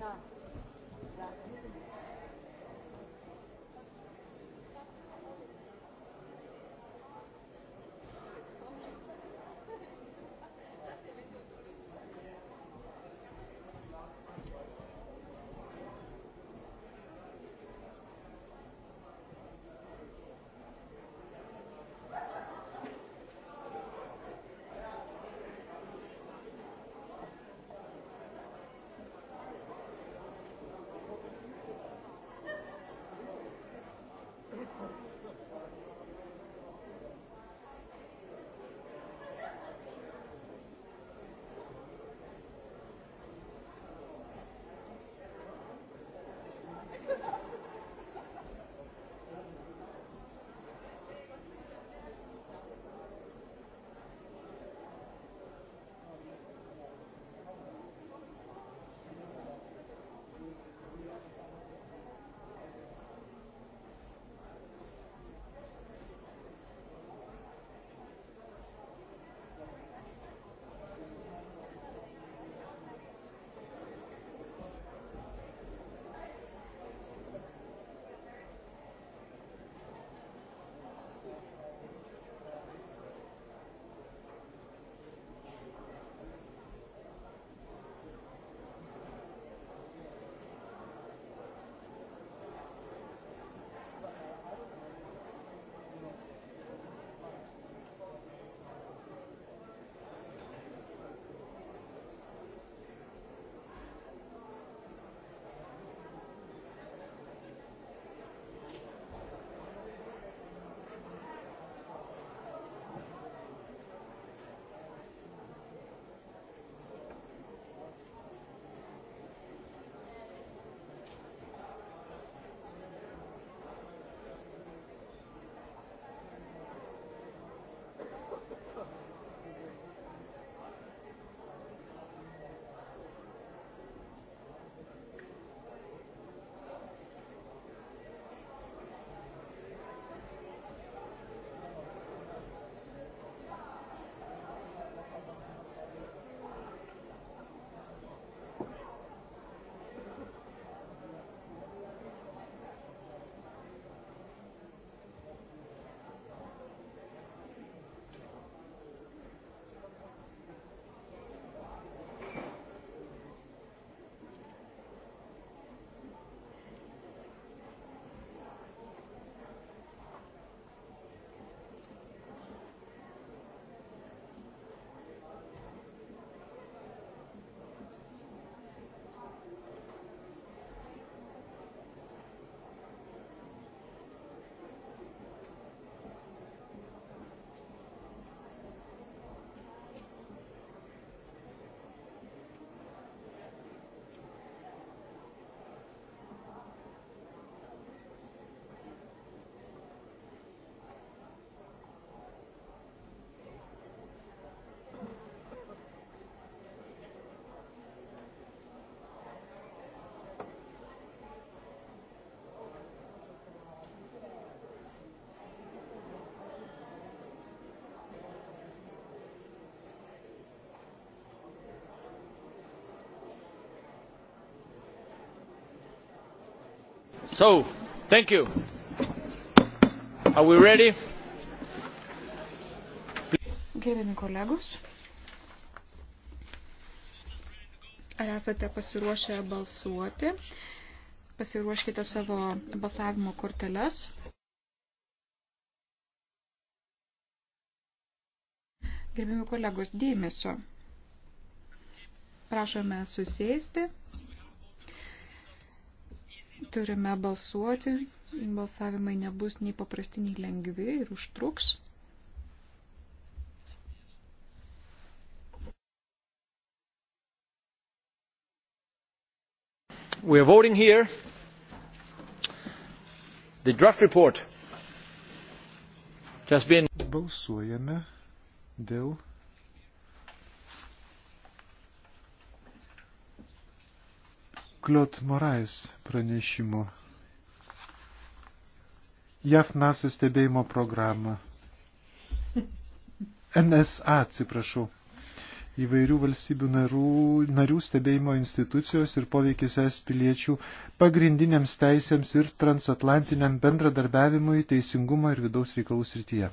No. So, thank you. Are we ready? Gerbiami kolegos, ar esate pasiruošę balsuoti? Pasiruoškite savo balsavimo korteles. Gerbiami kolegos, dėmesio. Prašome susėsti turime balsuoti. Balsavimai nebus nei paprasti, nei lengvi ir užtruks. We are voting here the draft report. Been... Balsuojame dėl Kliot Morais pranešimu. JAF NASA stebėjimo programą. NSA, atsiprašau. Įvairių valstybių narų, narių stebėjimo institucijos ir poveikis es piliečių pagrindiniams teisėms ir transatlantiniam bendradarbiavimui teisingumo ir vidaus reikalų srityje.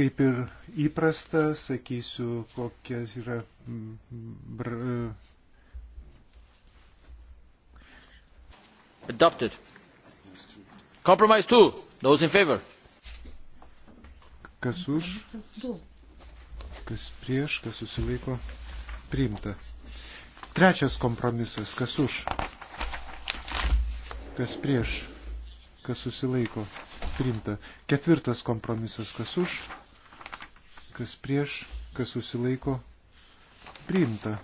Kaip ir įprasta, sakysiu, kokias yra br... Adopted. Compromise 2. Those in favor. Kas už? Kas prieš, kas susilaiko? Priimta. Trečias kompromisas. Kas už? Kas prieš? Kas susilaiko? Priimta. Ketvirtas kompromisas. Kas už? kas prieš, kas susilaiko, priimta.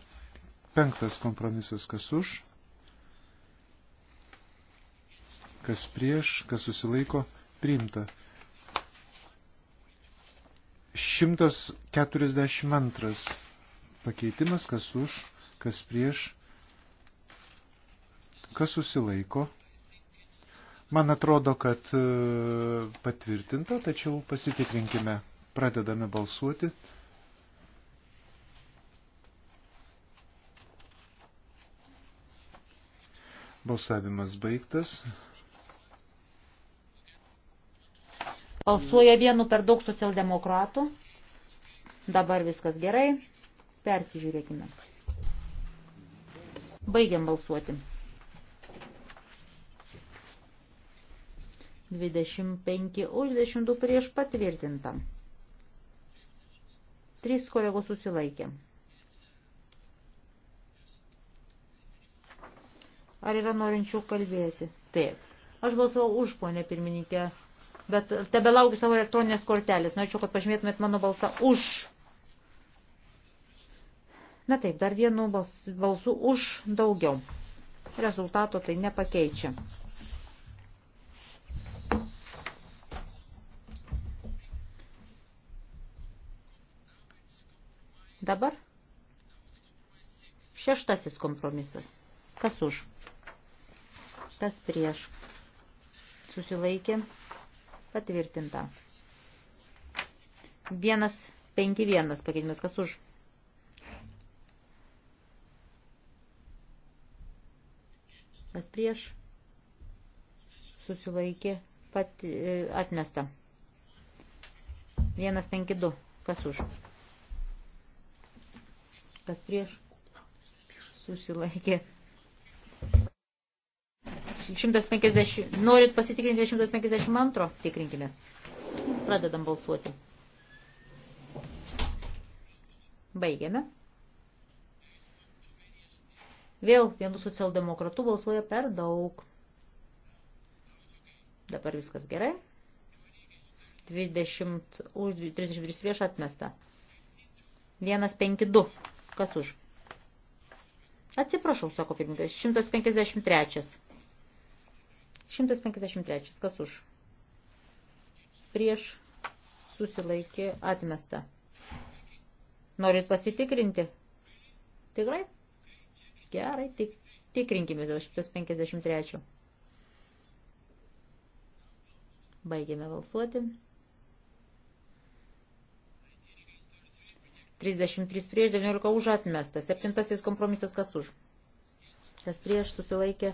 Penktas kompromisas, kas už, kas prieš, kas susilaiko, priimta. 142 pakeitimas, kas už, kas prieš, kas susilaiko. Man atrodo, kad e, patvirtinta, tačiau pasitikrinkime. Pradedame balsuoti. Balsavimas baigtas. Balsuoja vienu per daug socialdemokratų. Dabar viskas gerai. Persižiūrėkime. Baigiam balsuoti. 25 už 22 prieš patvirtintam. Trys kolegos susilaikė. Ar yra norinčių kalbėti? Taip. Aš balsavau už, ponė pirmininkė, bet tebe laukiu savo elektroninės kortelės. Norėčiau, kad pažymėtumėt mano balsą už. Na taip, dar vienu balsu už daugiau. Rezultato tai nepakeičia. Dabar šeštasis kompromisas. Kas už? Kas prieš? Susilaikė. Patvirtinta. 151 pakeitimas. Kas už? Kas prieš? Susilaikė. Pat, e, atmesta. 152. Kas už? kas prieš susilaikė. 150, norit pasitikrinti 152? Tikrinkimės. Pradedam balsuoti. Baigiame. Vėl vienų socialdemokratų balsuoja per daug. Dabar viskas gerai. 20 už 33 prieš atmesta. 152 Kas už? Atsiprašau, sako pirmininkas. 153. 153. Kas už? Prieš susilaikė atmesta. Norit pasitikrinti? Tikrai? Gerai, tik, tikrinkime dėl 153. Baigėme valsuoti. 33 prieš 19 už atmestą. Septintasis kompromisas kas už? Kas prieš susilaikė?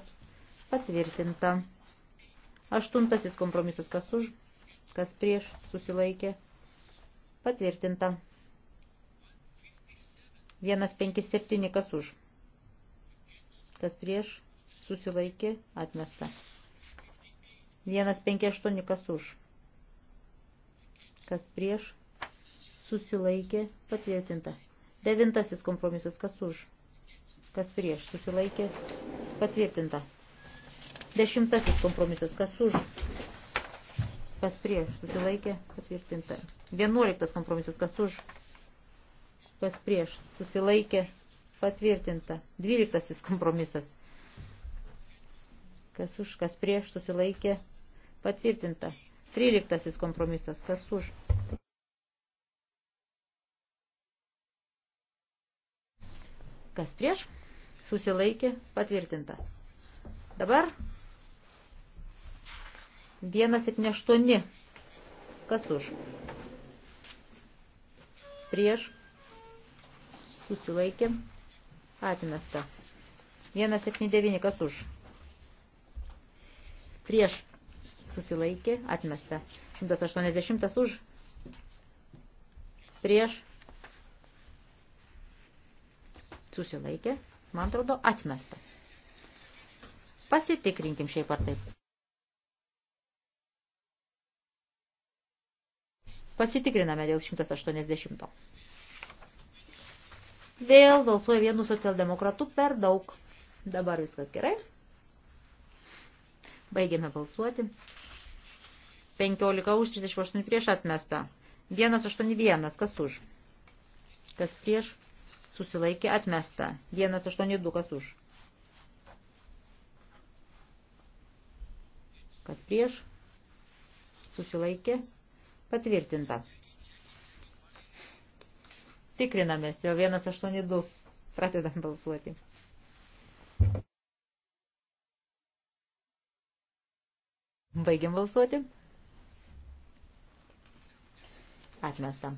Patvirtinta. Aštuntasis kompromisas kas už? Kas prieš susilaikė? Patvirtinta. 157 kas už? Kas prieš susilaikė? Atmesta. 158 kas už? Kas prieš susilaikė patvirtinta. Devintasis kompromisas, kas už, kas prieš, susilaikė patvirtinta. Dešimtasis kompromisas, kas už, kas prieš, susilaikė patvirtinta. Vienuoliktas kompromisas, kas už, kas prieš, susilaikė patvirtinta. Dvyliktasis kompromisas, kas už, kas prieš, susilaikė patvirtinta. Tryliktasis kompromisas, kas už, Kas prieš? Susilaikė patvirtinta. Dabar 178. Kas už? Prieš. Susilaikė. Atmesta. 179. Kas už? Prieš. Susilaikė. Atmesta. 180 už. Prieš susilaikė, man atrodo, atmesta. Pasitikrinkim šiaip ar taip. Pasitikriname dėl 180. Vėl balsuoja vienu socialdemokratu per daug. Dabar viskas gerai. Baigėme balsuoti. 15 už 38 prieš atmestą. 181. Kas už? Kas prieš? susilaikė atmesta. 182 kas už. Kas prieš, susilaikė patvirtinta. Tikrinamės dėl 182. Pradedam balsuoti. Baigiam balsuoti. Atmestam.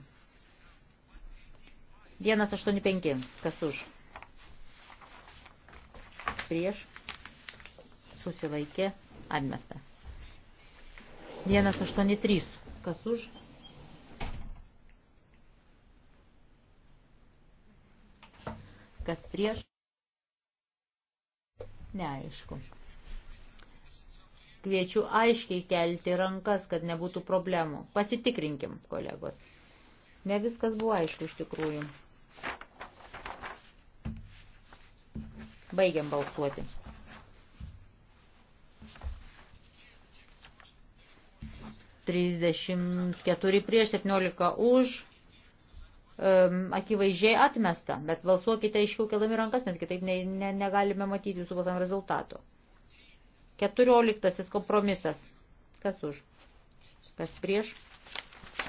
185. Kas už? Prieš. Susilaikė. Atmesta. 183. Kas už? Kas prieš? Neaišku. Kviečiu aiškiai kelti rankas, kad nebūtų problemų. Pasitikrinkim, kolegos. Ne viskas buvo aišku iš tikrųjų. Baigiam balsuoti. Trisdešimt keturi prieš, septyniolika už akivaizdžiai atmesta, bet balsuokite aiškiau kelami rankas, nes kitaip ne, ne, negalime matyti jūsų balsam rezultato. Keturioliktasis kompromisas. Kas už? Kas prieš?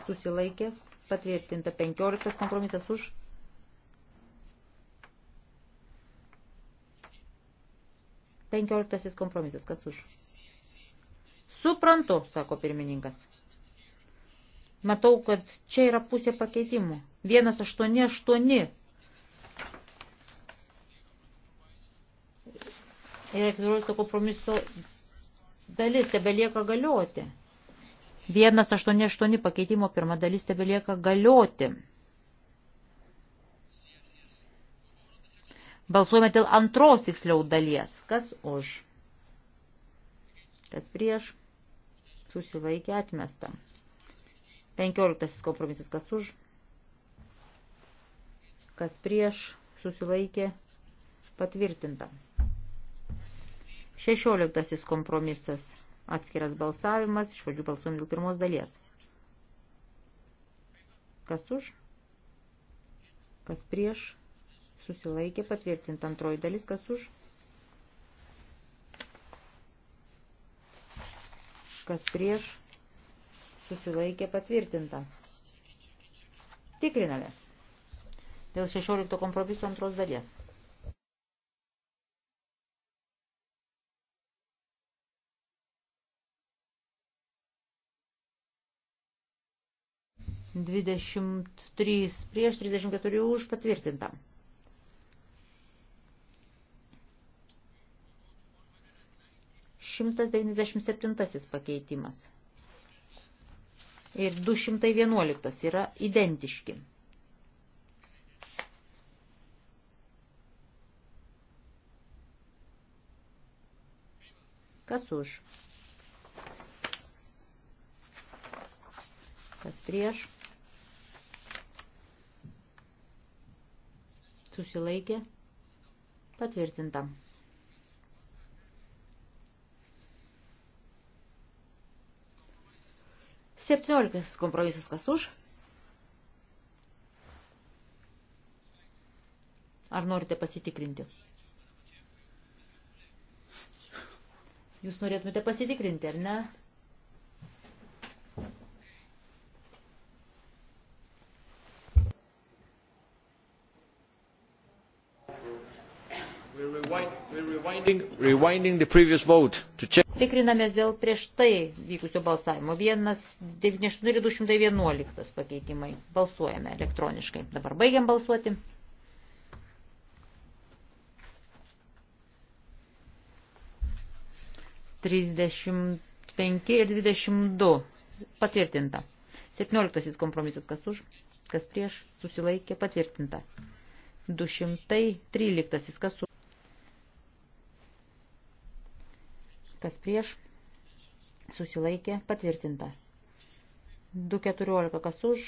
Susilaikė. Patvirtinta. Penkioliktas kompromisas už. Penkioliktasis kompromisas, kas už? Suprantu, sako pirmininkas. Matau, kad čia yra pusė pakeitimų. 188. Yra 14 kompromiso dalis, tebelieka galioti. 188 pakeitimo pirma dalis tebelieka galioti. Balsuojame dėl antros tiksliau dalies. Kas už? Kas prieš? Susilaikė atmesta. 15 kompromisas. Kas už? Kas prieš? Susilaikė patvirtinta. 16 kompromisas. Atskiras balsavimas. Iš pradžių balsuojame dėl pirmos dalies. Kas už? Kas prieš? susilaikė patvirtinta antroji dalis, kas už, kas prieš, susilaikė patvirtinta. Tikrinamės dėl 16 kompromiso antros dalies. Dvidešimt trys prieš, trisdešimt keturi už patvirtintam. 197 pakeitimas ir 211 yra identiški. Kas už? Kas prieš? Susilaikė. Patvirtintam. 17 kompromisas kas už. Ar norite pasitikrinti? Jūs norėtumėte pasitikrinti, ar ne? Rewinding, rewinding the previous vote to check. Tikrinamės dėl prieš tai vykusio balsavimo. 198 ir 211 pakeitimai. Balsuojame elektroniškai. Dabar baigiam balsuoti. Trisdešimt penki ir dvidešimt du. Patvirtinta. Septynioliktasis kompromisas. Kas už, kas prieš, susilaikė, patvirtinta. Du šimtai tryliktasis. Kas kas prieš, susilaikė, patvirtinta. 2.14, kas už,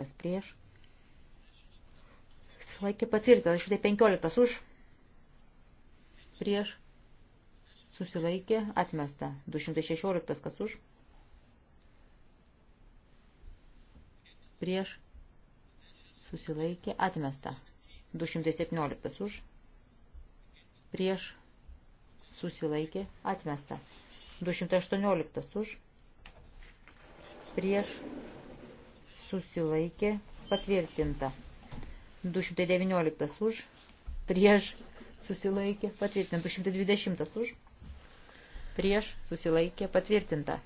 kas prieš, susilaikė, patvirtinta. 115 už, prieš, susilaikė, atmesta. 216, kas už, prieš, susilaikė, atmesta. 217 už, prieš susilaikė atmesta. 218 už prieš susilaikė patvirtinta. 219 už prieš susilaikė patvirtinta. 220 už prieš susilaikė patvirtinta.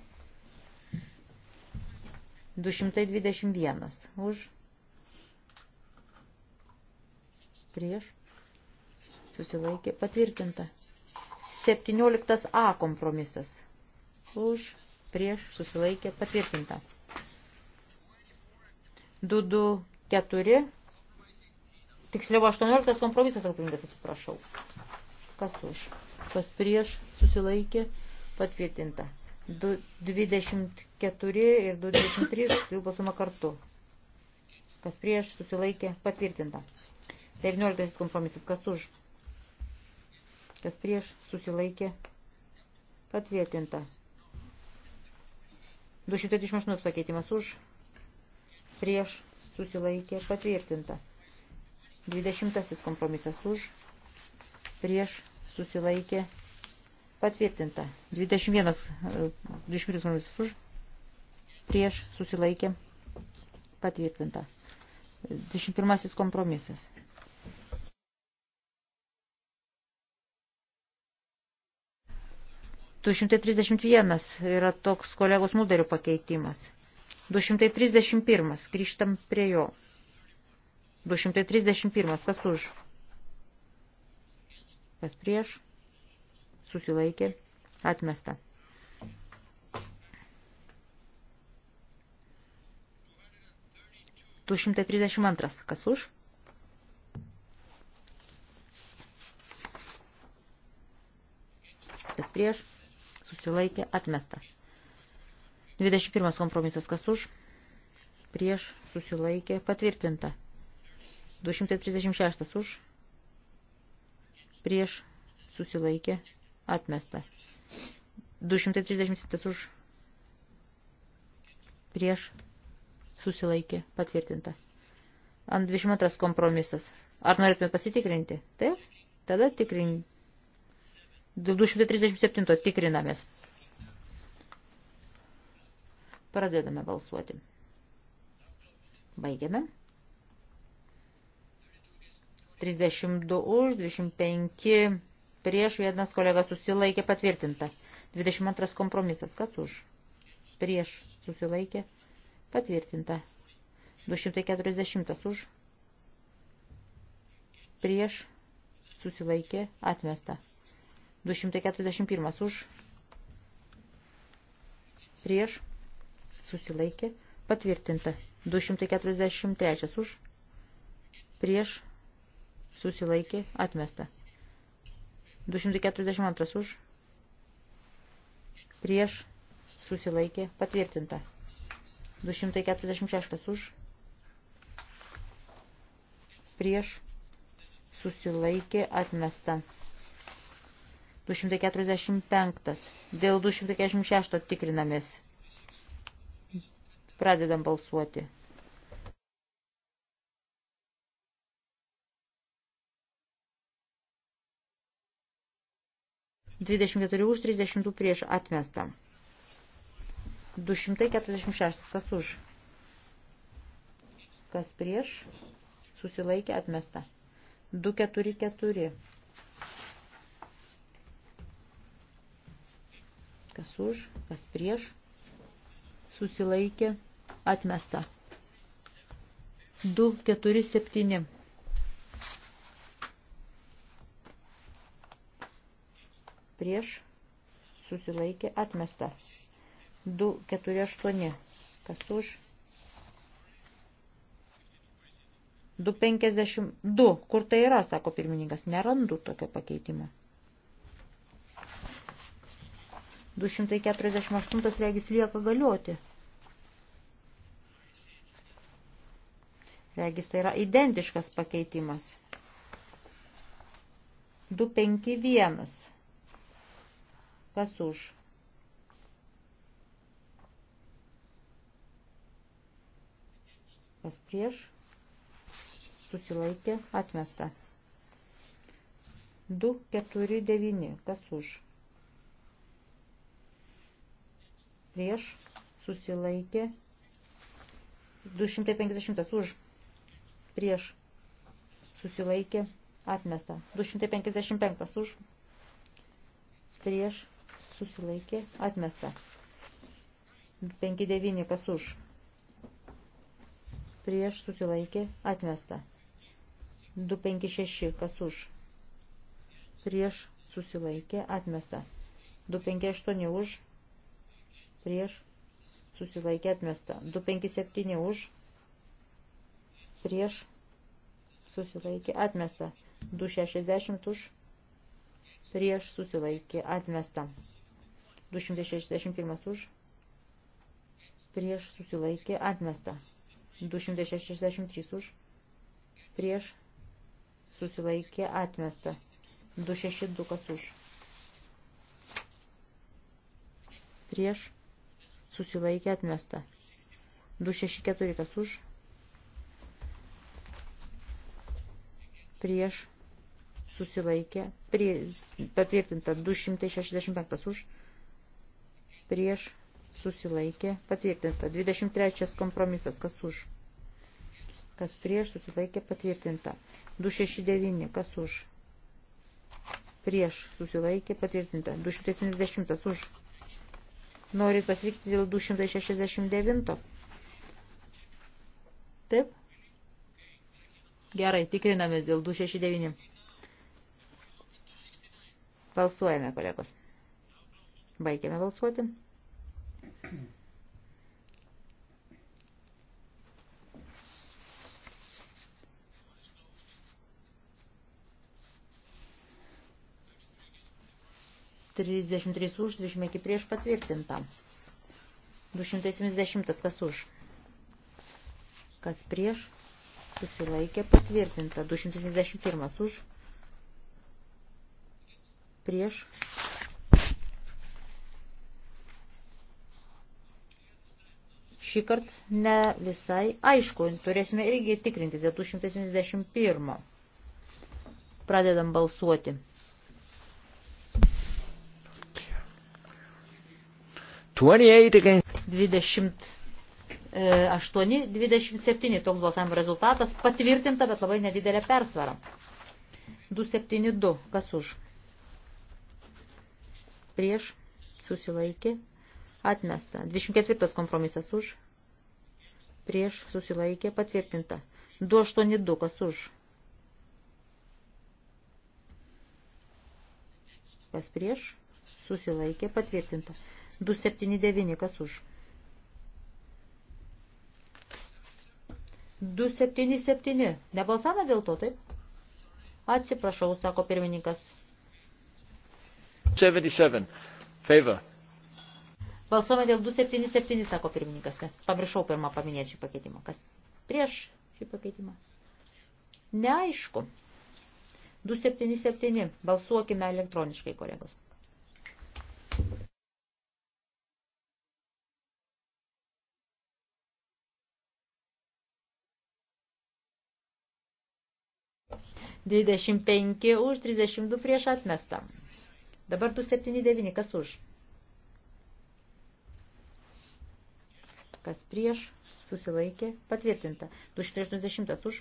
221 už prieš susilaikė patvirtinta. 17a kompromisas. Už, prieš, susilaikė patvirtinta. 224. Tiksliau 18 kompromisas atprindas, atsiprašau. Kas už? Kas prieš susilaikė patvirtinta. 24 ir 223 jų balsuma kartu. Kas prieš susilaikė patvirtinta. 19 kompromisas. Kas už? kas prieš susilaikė patvirtinta. 228 pakeitimas už, prieš susilaikė patvirtinta. 20 kompromisas už, prieš susilaikė patvirtinta. 21 20 kompromisas už, prieš susilaikė patvirtinta. 21 kompromisas 231 yra toks kolegos Mulderio pakeitimas. 231. Grįžtam prie jo. 231. Kas už? Kas prieš? Susilaikė. Atmesta. Du šimtai trisdešimt antras. Kas už? Kas prieš? susilaikė, atmesta. 21 kompromisas kas už, prieš, susilaikė, patvirtinta. 236 už, prieš, susilaikė, atmesta. 237 už, prieš, susilaikė, patvirtinta. Ant 22 kompromisas. Ar norėtume pasitikrinti? Taip, tada tikrinti. 237 tikrinamės. Pradedame balsuoti. Baigiame. 32 už, 25 prieš, vienas kolega susilaikė patvirtinta. 22 kompromisas, kas už? Prieš susilaikė patvirtinta. 240 už, prieš susilaikė atmesta. 241 už, prieš, susilaikė, patvirtinta. 243 už, prieš, susilaikė, atmesta. 242 už, prieš, susilaikė, patvirtinta. 246 už, prieš, susilaikė, atmesta. 245. Dėl 246 tikrinamės. Pradedam balsuoti. Dvidešimt keturi už, trisdešimtų prieš atmestą. Du šimtai keturiasdešimt šeštas, kas už? Kas prieš? Susilaikė atmestą. Du keturi keturi. kas už, kas prieš, susilaikė, atmesta. 2, 4, 7. Prieš, susilaikė, atmesta. 2, 4, 8. Kas už? 252. Kur tai yra, sako pirmininkas, nerandu tokio pakeitimo. 248 regis lieka galioti. Regis tai yra identiškas pakeitimas. 251. Kas už? Kas prieš? Susilaikė atmesta. 249. Kas už? prieš susilaikė 250 už prieš susilaikė atmesta 255 už prieš susilaikė atmesta 59 kas už prieš susilaikė atmesta 256 kas už prieš susilaikė atmesta 258 už prieš, susilaikė atmesta. 257 už, prieš, susilaikė atmesta. 260 už, prieš, susilaikė atmesta. 261 už, prieš, susilaikė atmesta. 263 už, prieš, susilaikė atmesta. 262 kas už. Prieš susilaikė atmesta. 264 kas už, prieš, susilaikė, prie, patvirtinta 265 kas už, prieš, susilaikė, patvirtinta 23 kompromisas kas už, kas prieš, susilaikė, patvirtinta 269 kas už, prieš, susilaikė, patvirtinta 270 už Norit pasirinkti dėl 269. Taip? Gerai, tikrinamės dėl 269. Balsuojame, kolegos. Baigiame balsuoti. 33 už, 25 prieš patvirtinta. 270 kas už. Kas prieš susilaikė patvirtinta. 271 už. Prieš. Šį kartą ne visai aišku, turėsime irgi tikrinti dėl 271. Pradedam balsuoti. 28 against. 20. 8-27 e, toks balsavimo rezultatas, patvirtinta, bet labai nedidelė persvara. 272, kas už? Prieš, susilaikė, atmesta. 24 kompromisas už, prieš, susilaikė, patvirtinta. 282, kas už? Kas prieš, susilaikė, patvirtinta. 279 kas už. 277. Nebalsavome dėl to, taip? Atsiprašau, sako pirmininkas. 77. Favor. Balsuome dėl 277, sako pirmininkas, nes pamiršau pirmą paminėti šį pakeitimą. Kas prieš šį pakeitimą? Neaišku. 277. Balsuokime elektroniškai, kolegos. 25 už, 32 prieš atmestą. Dabar 279, kas už? Kas prieš? Susilaikė. Patvirtinta. 280 už.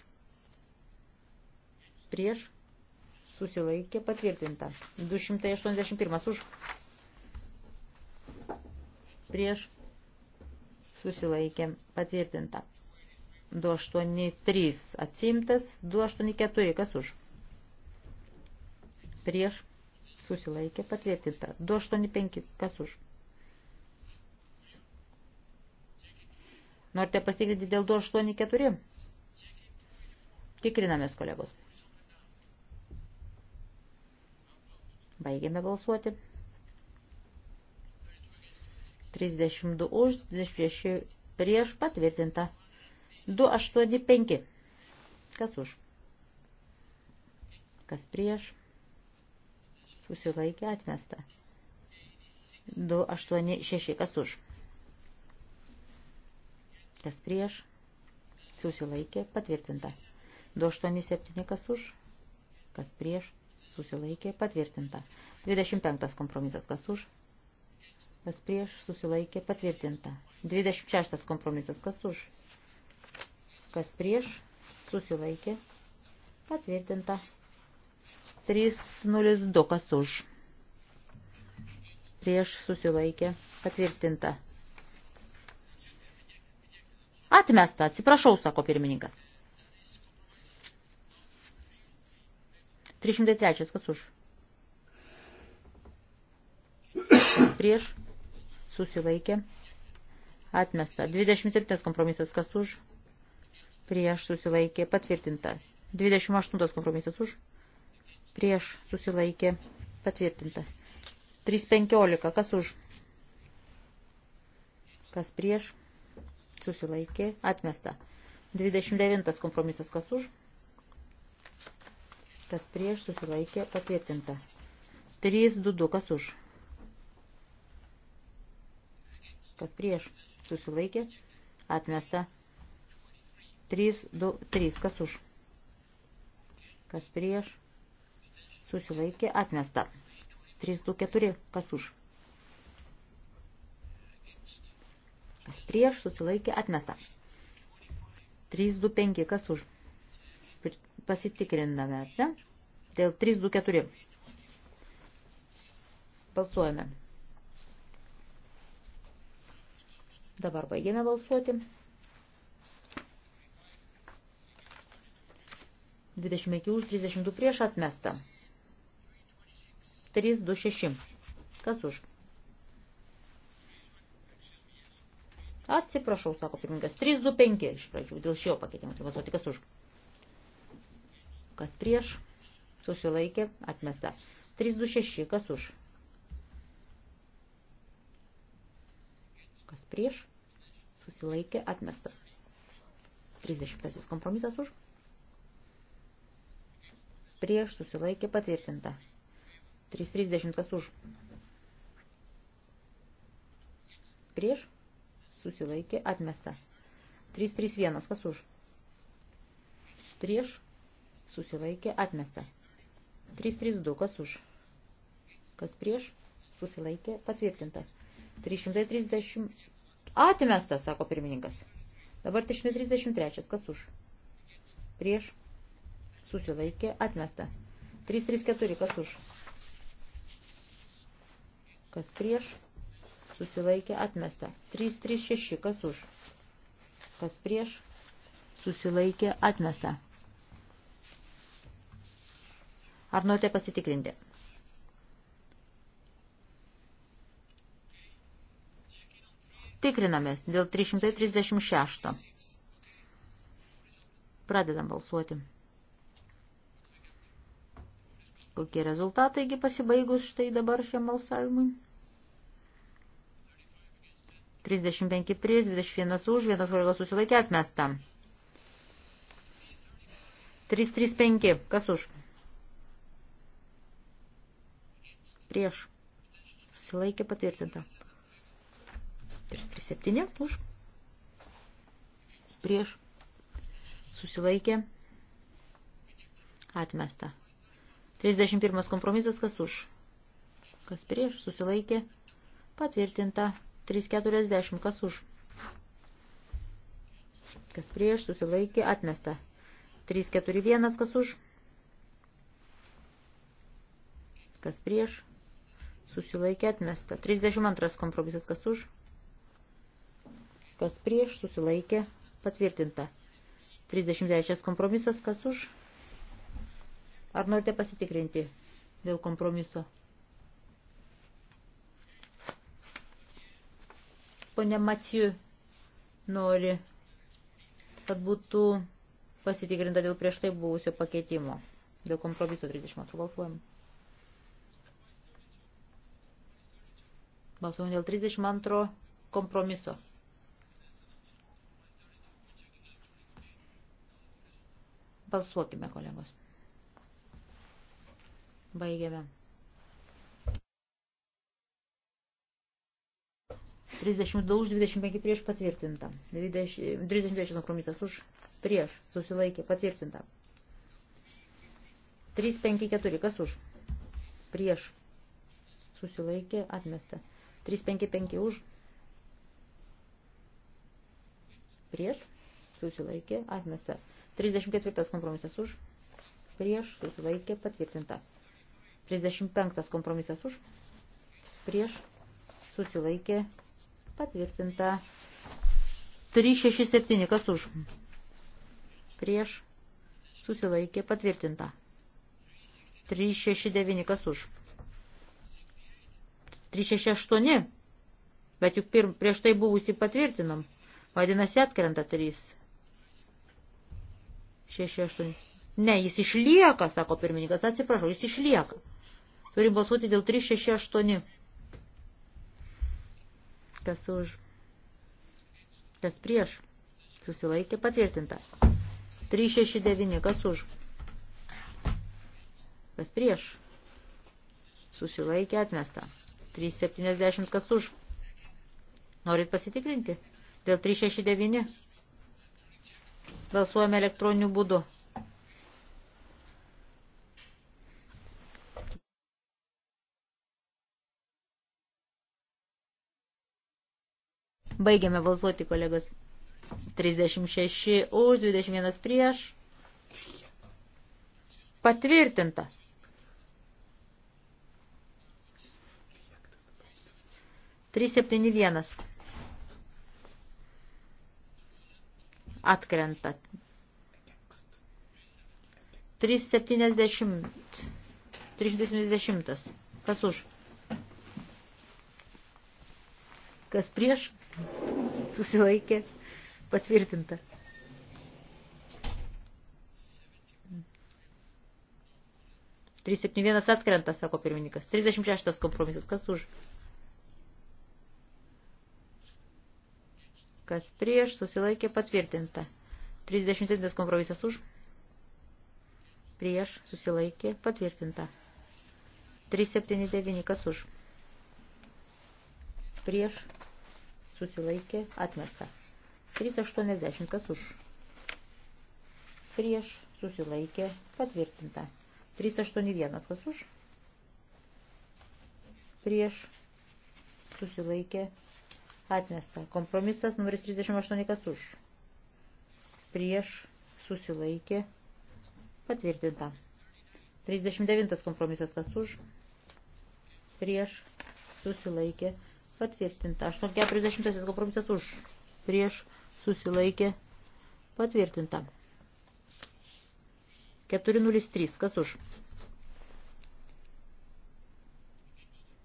Prieš. Susilaikė. Patvirtinta. 281 už. Prieš. Susilaikė. Patvirtinta. 283 atsimtas, 284 kas už. Prieš susilaikė patvirtinta. 285 kas už. Norite pasitikrinti dėl 284? Tikrinamės, kolegos. Baigėme balsuoti. 32 už, 26 prieš patvirtinta. 285. Kas už? Kas prieš? Susilaikė atmesta. 286. Kas už? Kas prieš? Susilaikė patvirtinta. 287. Kas už? Kas prieš? Susilaikė patvirtinta. 25. Kompromisas. Kas už? Kas prieš? Susilaikė patvirtinta. 26. Kompromisas. Kas už? kas prieš, susilaikė, patvirtinta. 302, kas už, prieš, susilaikė, patvirtinta. Atmesta, atsiprašau, sako pirmininkas. 303, kas už. Prieš, susilaikė, atmesta. 27 kompromisas, kas už prieš susilaikė patvirtinta. 28 kompromisas už, prieš susilaikė patvirtinta. 3.15, kas už, kas prieš susilaikė atmesta. 29 kompromisas, kas už, kas prieš susilaikė patvirtinta. 3.22, kas už, kas prieš susilaikė atmesta. 3, 2, 3. Kas už? Kas prieš? Susilaikė. Atmesta. 3, 2, 4. Kas už? Kas prieš? Susilaikė. Atmesta. 3, 2, 5. Kas už? Pasitikriname. Ne? Dėl 3, 2, 4. Balsuojame. Dabar baigėme balsuoti. 25 už 32 prieš atmestą. 3, 2, 6. Kas už? Atsiprašau, sako pirmininkas. 3, 2, 5 iš pradžių. Dėl šio pakeitimo turiu balsuoti. Kas už? Kas prieš? Susilaikė. Atmesta. 3, 2, 6. Kas už? Kas prieš? Susilaikė. Atmesta. 30 kompromisas už prieš susilaikė patvirtinta. 3.30 kas už. Prieš susilaikė atmesta. 3.31 kas už. Prieš susilaikė atmesta. 3.32 kas už. Kas prieš susilaikė patvirtinta. 330 atmesta, sako pirmininkas. Dabar 333 kas už. Prieš susilaikė, atmesta. 334, kas už, kas prieš, susilaikė, atmesta. 336, kas už, kas prieš, susilaikė, atmesta. Ar norite pasitikrinti? Tikrinamės dėl 336. Pradedam balsuoti. Kokie rezultatai pasibaigus štai dabar šiam balsavimui? 35 prieš, 21 už, 1 kolega susilaikė atmestą. 335, kas už? Prieš. Susilaikė patvirtinta. 337 už. Prieš. Susilaikė. Atmesta. 31 kompromisas, kas už, kas prieš, susilaikė, patvirtinta. 340, kas už, kas prieš, susilaikė, atmesta. 341, kas už, kas prieš, susilaikė, atmesta. 32 kompromisas, kas už, kas prieš, susilaikė, patvirtinta. 33 kompromisas, kas už, Ar norite pasitikrinti dėl kompromiso? Pone Macijų nori, kad būtų pasitikrinta dėl prieš tai buvusio pakeitimo. Dėl kompromiso 30 metrų balsuojam. Balsuojam dėl 32 kompromiso. Balsuokime, kolegos. Baigiame. 32 už 25 prieš patvirtinta. 20, 32 kompromisas už prieš susilaikė patvirtinta. 3, 5, 4 kas už prieš susilaikė atmesta. 3, 5, 5 už prieš susilaikė atmesta. 34 kompromisas už prieš susilaikė patvirtinta. 35 kompromisas už, prieš, susilaikė, patvirtinta. 367 kas už, prieš, susilaikė, patvirtinta. 369 kas už. 368, bet juk pirm, prieš tai buvusi patvirtinom. Vadinasi, atkrenta 3. 6, 8. Ne, jis išlieka, sako pirmininkas, atsiprašau, jis išlieka. Turim balsuoti dėl 368. Kas už? Kas prieš? Susilaikė patvirtinta. 369. Kas už? Kas prieš? Susilaikė atmesta. 370. Kas už? Norit pasitikrinti? Dėl 369. Balsuojame elektroniniu būdu. Baigiame balsuoti, kolegos. 36 už, 21 prieš. Patvirtinta. Trys septyni vienas. Atkrenta. 370. 370. Kas už? Kas prieš? Susilaikė. Patvirtinta. Trys septyni vienas atkrenta, sako pirmininkas. 36 kompromisas. Kas už? Kas prieš? Susilaikė patvirtinta. 37 kompromisas už. Prieš susilaikė patvirtinta. 379 kas už. Prieš susilaikė, atmesta. 380 kas už, prieš, susilaikė, patvirtinta. 381 kas už, prieš, susilaikė, atmesta. Kompromisas numeris 38 kas už, prieš, susilaikė, patvirtinta. 39 kompromisas kas už, prieš, susilaikė, atmesta Patvirtinta. 840 kompromisas už. Prieš susilaikė. Patvirtinta. 403. Kas už?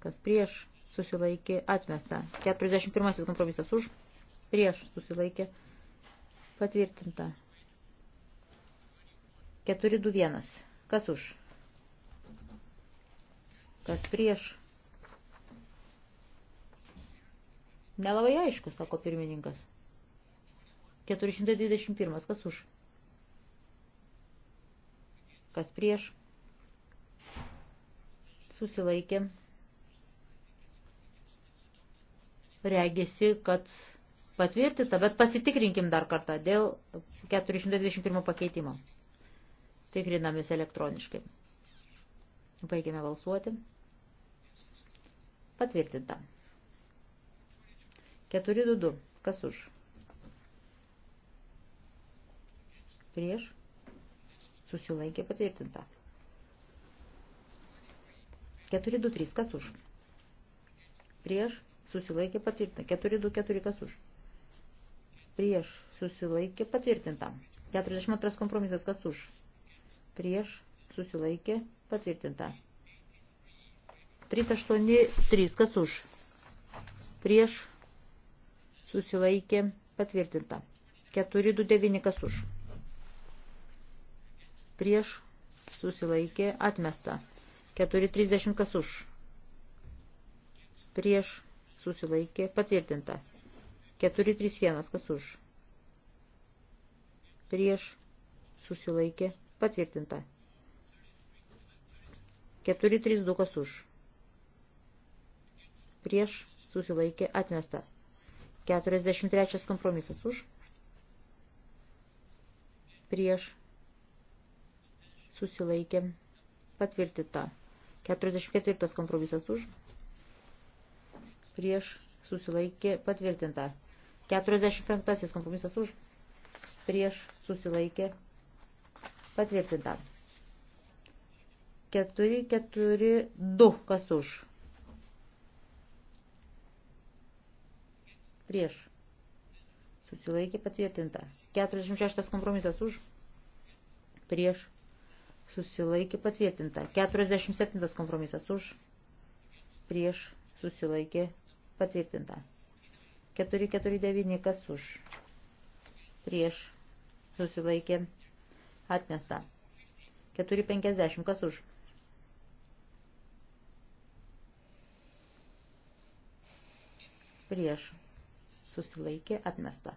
Kas prieš susilaikė. Atmesta. 41 kompromisas už. Prieš susilaikė. Patvirtinta. 421. Kas už? Kas prieš Nelabai aišku, sako pirmininkas. 421. Kas už? Kas prieš? Susilaikė. Regėsi, kad patvirtinta, bet pasitikrinkim dar kartą dėl 421 pakeitimo. Tikrinamės elektroniškai. Baigėme balsuoti. Patvirtinta. 422. Kas už? Prieš. Susilaikė patvirtinta. 423. Kas už? Prieš. Susilaikė patvirtinta. 424. Kas už? Prieš. Susilaikė patvirtinta. 42 kompromisas. Kas už? Prieš. Susilaikė patvirtinta. 383. Kas už? Prieš susilaikė patvirtinta. 429 kas už. Prieš susilaikė atmesta. 430 kas už. Prieš susilaikė patvirtinta. 431 kas už. Prieš susilaikė patvirtinta. 432 kas už. Prieš susilaikė atmesta. 43 kompromisas už. Prieš. Susilaikė. Patvirtinta. 44 kompromisas už. Prieš. Susilaikė. Patvirtinta. 45 kompromisas už. Prieš. Susilaikė. Patvirtinta. 4, 4, 2. Kas už? prieš, susilaikė patvirtinta. 46 kompromisas už, prieš, susilaikė patvirtinta. 47 kompromisas už, prieš, susilaikė patvirtinta. 449 kas už, prieš, susilaikė atmesta. 450 kas už. Prieš susilaikė atmesta.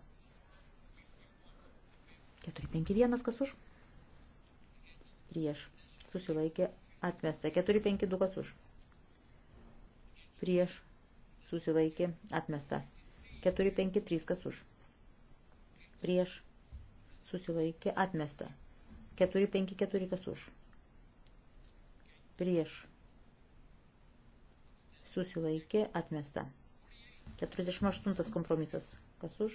451 kas už, prieš, susilaikė atmesta. 452 kas už, prieš, susilaikė atmesta. 453 kas už, prieš, susilaikė atmesta. 454 kas už, prieš, susilaikė atmesta. 48 kompromisas. Kas už?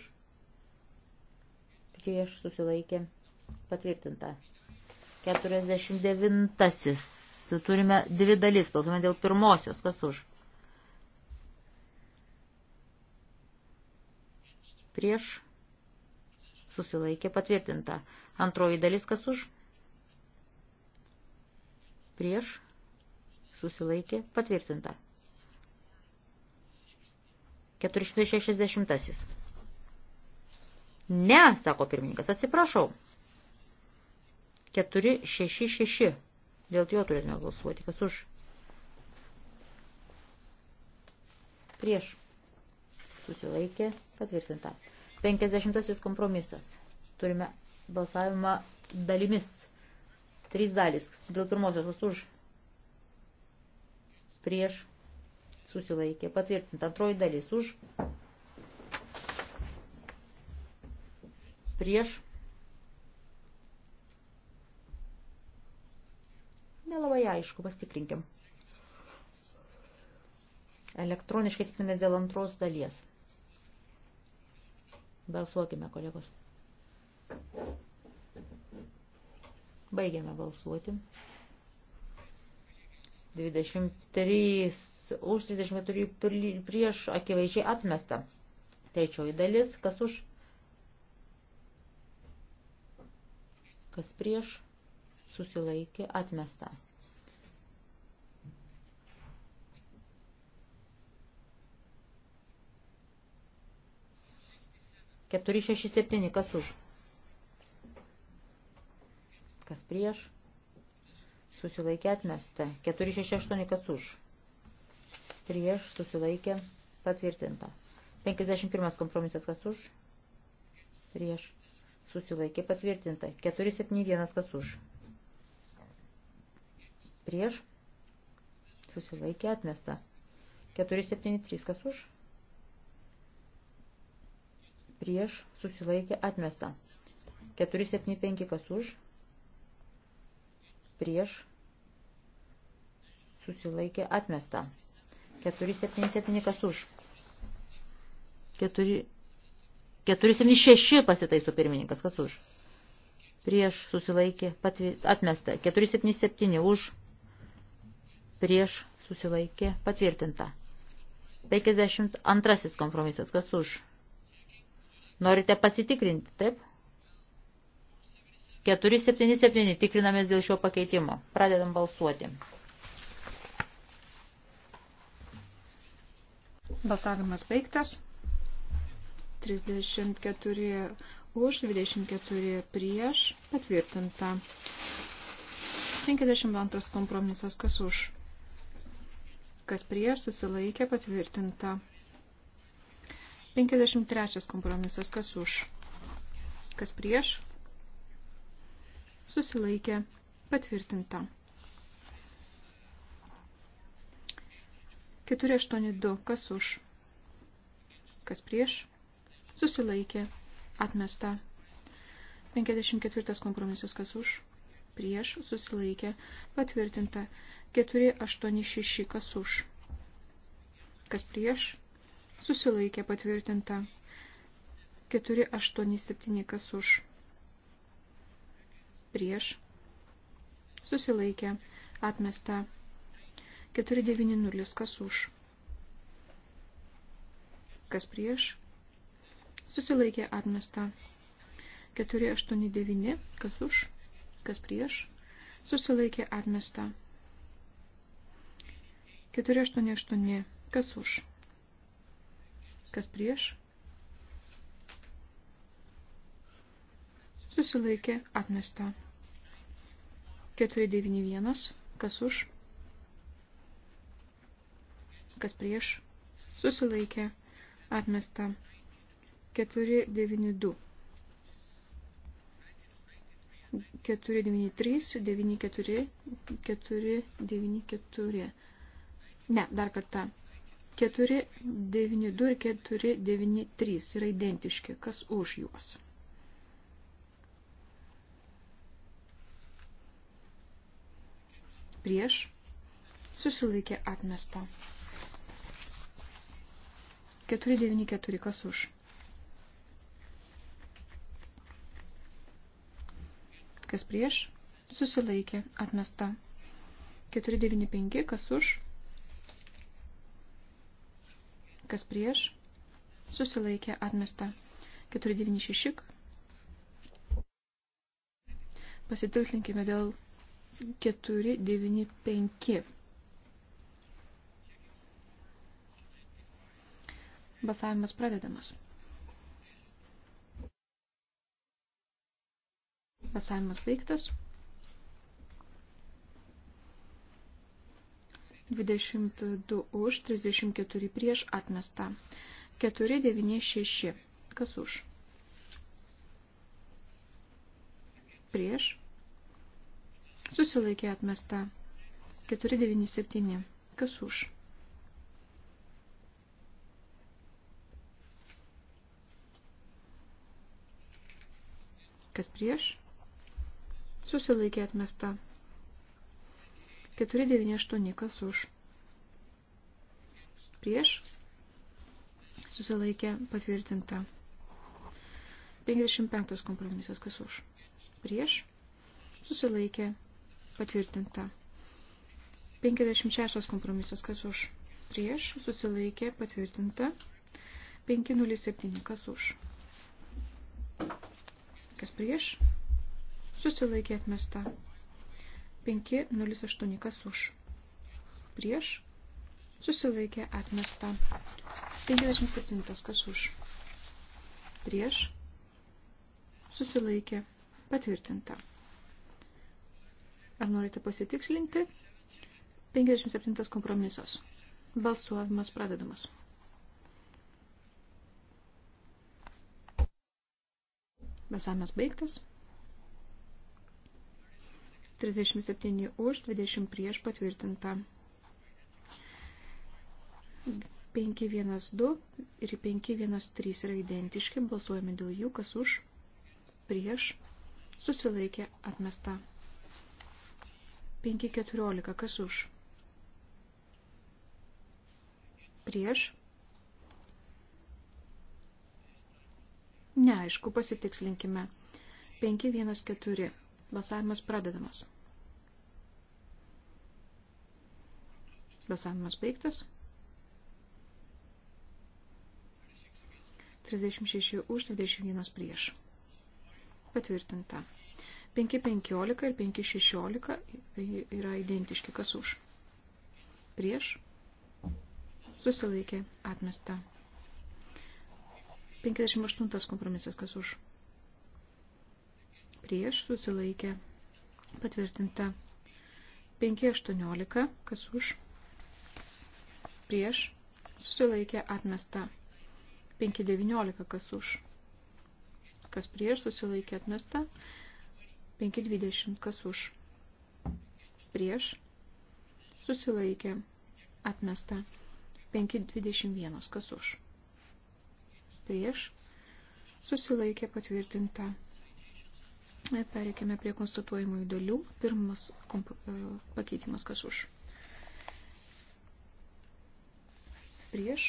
Prieš susilaikė patvirtinta. 49. Turime dvi dalis. Balsuojame dėl pirmosios. Kas už? Prieš susilaikė patvirtinta. Antroji dalis. Kas už? Prieš susilaikė patvirtinta. 460. Ne, sako pirmininkas, atsiprašau. 466. Dėl jo turėtume balsuoti. Kas už? Prieš. Susilaikė. Patvirtinta. 50 kompromisas. Turime balsavimą dalimis. Trys dalis. Dėl pirmosios už. Prieš susilaikė patvirtinta. Antroji dalis už prieš nelabai aišku, pastikrinkim. Elektroniškai tikrinamės dėl antros dalies. Balsuokime, kolegos. Baigiame balsuoti. 23 už 34 prieš akivaizdžiai atmesta. Trečioji dalis, kas už, kas prieš, susilaikė atmesta. Keturi šeši septyni, kas už, kas prieš, susilaikė atmesta. Keturi šeši aštuoni, kas už prieš susilaikė patvirtinta. 51 kompromisas kas už, prieš susilaikė patvirtinta. 471 kas už, prieš susilaikė atmesta. 473 kas už, prieš susilaikė atmesta. 475 kas už, prieš susilaikė atmesta. 477 kas už. 4, 476 pasitaiso pirmininkas kas už. Prieš susilaikė, patvi, atmesta. 477 už. Prieš susilaikė, patvirtinta. 52 kompromisas kas už. Norite pasitikrinti, taip? 477 tikrinamės dėl šio pakeitimo. Pradedam balsuoti. Balsavimas baigtas. 34 už, 24 prieš, patvirtinta. 52 kompromisas, kas už. Kas prieš, susilaikė, patvirtinta. 53 kompromisas, kas už. Kas prieš, susilaikė, patvirtinta. 482. Kas už? Kas prieš? Susilaikė. Atmesta. 54 kompromisas. Kas už? Prieš. Susilaikė. Patvirtinta. 486. Kas už? Kas prieš? Susilaikė. Patvirtinta. 487. Kas už? Prieš. Susilaikė. Atmesta. 490 kas už. Kas prieš? Susilaikė atmesta. 489 kas už. Kas prieš? Susilaikė atmesta. 488 kas už. Kas prieš? Susilaikė atmesta. 491 kas už kas prieš, susilaikė, atmesta. 492. 493, 94, 494. Ne, dar kartą. 492 ir 493 yra identiški. Kas už juos? Prieš susilaikė atmestą. 494 kas už. Kas prieš? Susilaikė. Atmesta. 495 kas už. Kas prieš? Susilaikė. Atmesta. 496. Pasitikslinkime dėl 495. Balsavimas pradedamas. Balsavimas baigtas. 22 už, 34 prieš atmesta. 4, 9, 6. Kas už? Prieš. Susilaikė atmesta. 4, 9, 7. Kas už? kas prieš, susilaikė atmesta. 498 kas už. Prieš susilaikė patvirtinta. 55 kompromisas kas už. Prieš susilaikė patvirtinta. 56 kompromisas kas už. Prieš susilaikė patvirtinta. 507 kas už kas prieš, susilaikė atmesta. 508 kas už, prieš, susilaikė atmesta. 57 kas už, prieš, susilaikė patvirtinta. Ar norite pasitikslinti? 57 kompromisas. Balsuovimas pradedamas. Balsavimas baigtas. 37 už, 20 prieš patvirtinta. 512 ir 513 yra identiški, balsuojame dėl jų, kas už, prieš, susilaikė, atmesta. 514, kas už, prieš, Neaišku, pasitikslinkime. 514. Balsavimas pradedamas. Balsavimas baigtas. 36 už, 21 prieš. Patvirtinta. 5.15 ir 5.16 yra identiški kas už. Prieš. Susilaikė atmesta. 58 kompromisas, kas už. Prieš susilaikė patvirtinta. 5.18, kas už. Prieš susilaikė atmesta. 5.19, kas už. Kas prieš susilaikė atmesta. 5.20, kas už. Prieš susilaikė atmesta. 5.21, kas už prieš, susilaikė patvirtinta. Pereikime prie konstatuojimų dalių. Pirmas e, pakeitimas kas už. Prieš,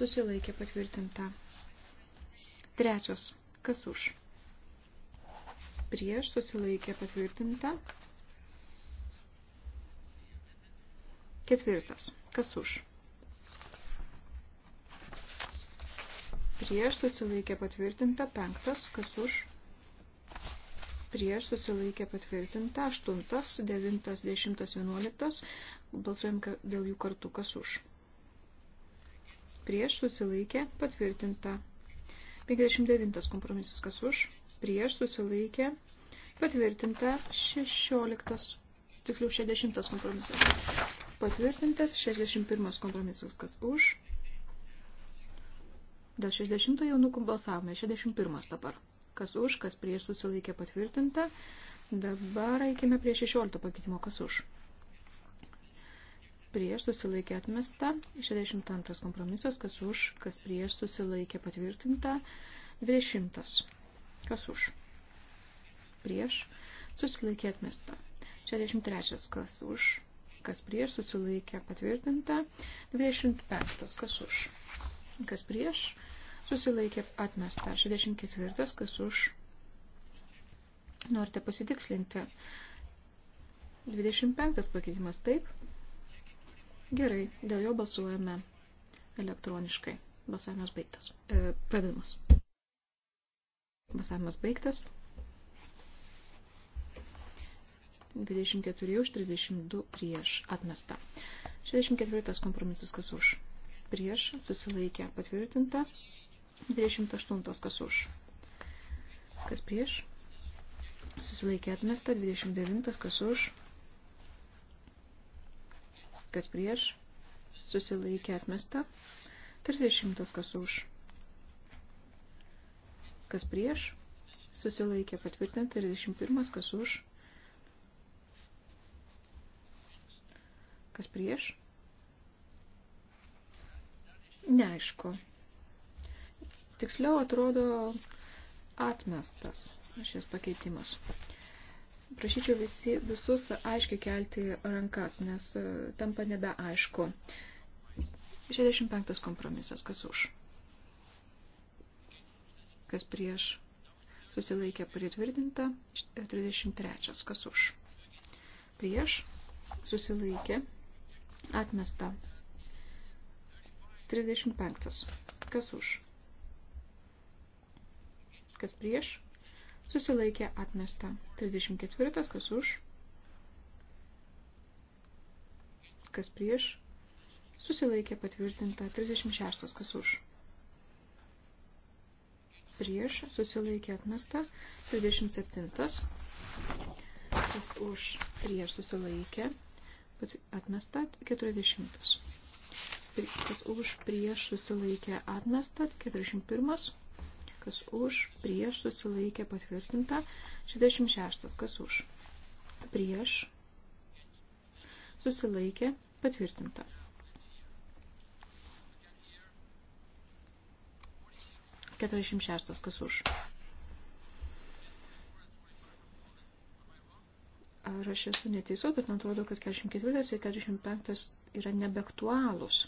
susilaikė patvirtinta. Trečias, kas už. Prieš, susilaikė patvirtinta. Ketvirtas, kas už. prieš susilaikė patvirtinta, penktas, kas už, prieš susilaikė patvirtinta, aštuntas, devintas, dešimtas, vienuoliktas, balsuojam dėl jų kartu, kas už. Prieš susilaikė patvirtinta. 59 kompromisas, kas už, prieš susilaikė patvirtinta, 16, tiksliau 60 kompromisas. Patvirtintas 61 kompromisas, kas už, Dėl 60 jaunukų balsavome, 61 dabar. Kas už, kas prieš susilaikė patvirtinta. Dabar eikime prie 16 pakeitimo, kas už. Prieš susilaikė atmesta. 62 kompromisas, kas už, kas prieš susilaikė patvirtinta. 20. Kas už. Prieš susilaikė atmesta. 63. Kas už, kas prieš susilaikė patvirtinta. 25. Kas už kas prieš, susilaikė atmesta. 64, kas už, norite pasitikslinti. 25 pakeitimas taip. Gerai, dėl jo balsuojame elektroniškai. Balsavimas baigtas. E, pradedamas. Balsavimas baigtas. 24 už 32 prieš atmesta. 64 kompromisas kas už prieš susilaikė patvirtinta. 28 kas už. Kas prieš susilaikė atmesta. 29 kas už. Kas prieš susilaikė atmesta. 30 kas už. Kas prieš susilaikė patvirtinta. 31 kas už. Kas prieš neaišku. Tiksliau atrodo atmestas šis pakeitimas. Prašyčiau visi, visus aiškiai kelti rankas, nes e, tampa nebeaišku. 65 kompromisas. Kas už? Kas prieš? Susilaikė pritvirtinta. 33. Kas už? Prieš? Susilaikė. Atmesta. 35. Kas už? Kas prieš? Susilaikė atmesta. 34. Kas už? Kas prieš? Susilaikė patvirtinta. 36. Kas už? Prieš susilaikė atmesta. 37. Kas už prieš susilaikė atmesta. 40 kas už prieš susilaikė atmesta, 41, kas už prieš susilaikė patvirtinta, 66, kas už prieš susilaikė patvirtinta. Keturiasdešimt šeštas, kas už? ar aš esu neteisus, bet man atrodo, kad 44 ir 45 yra nebeaktualūs.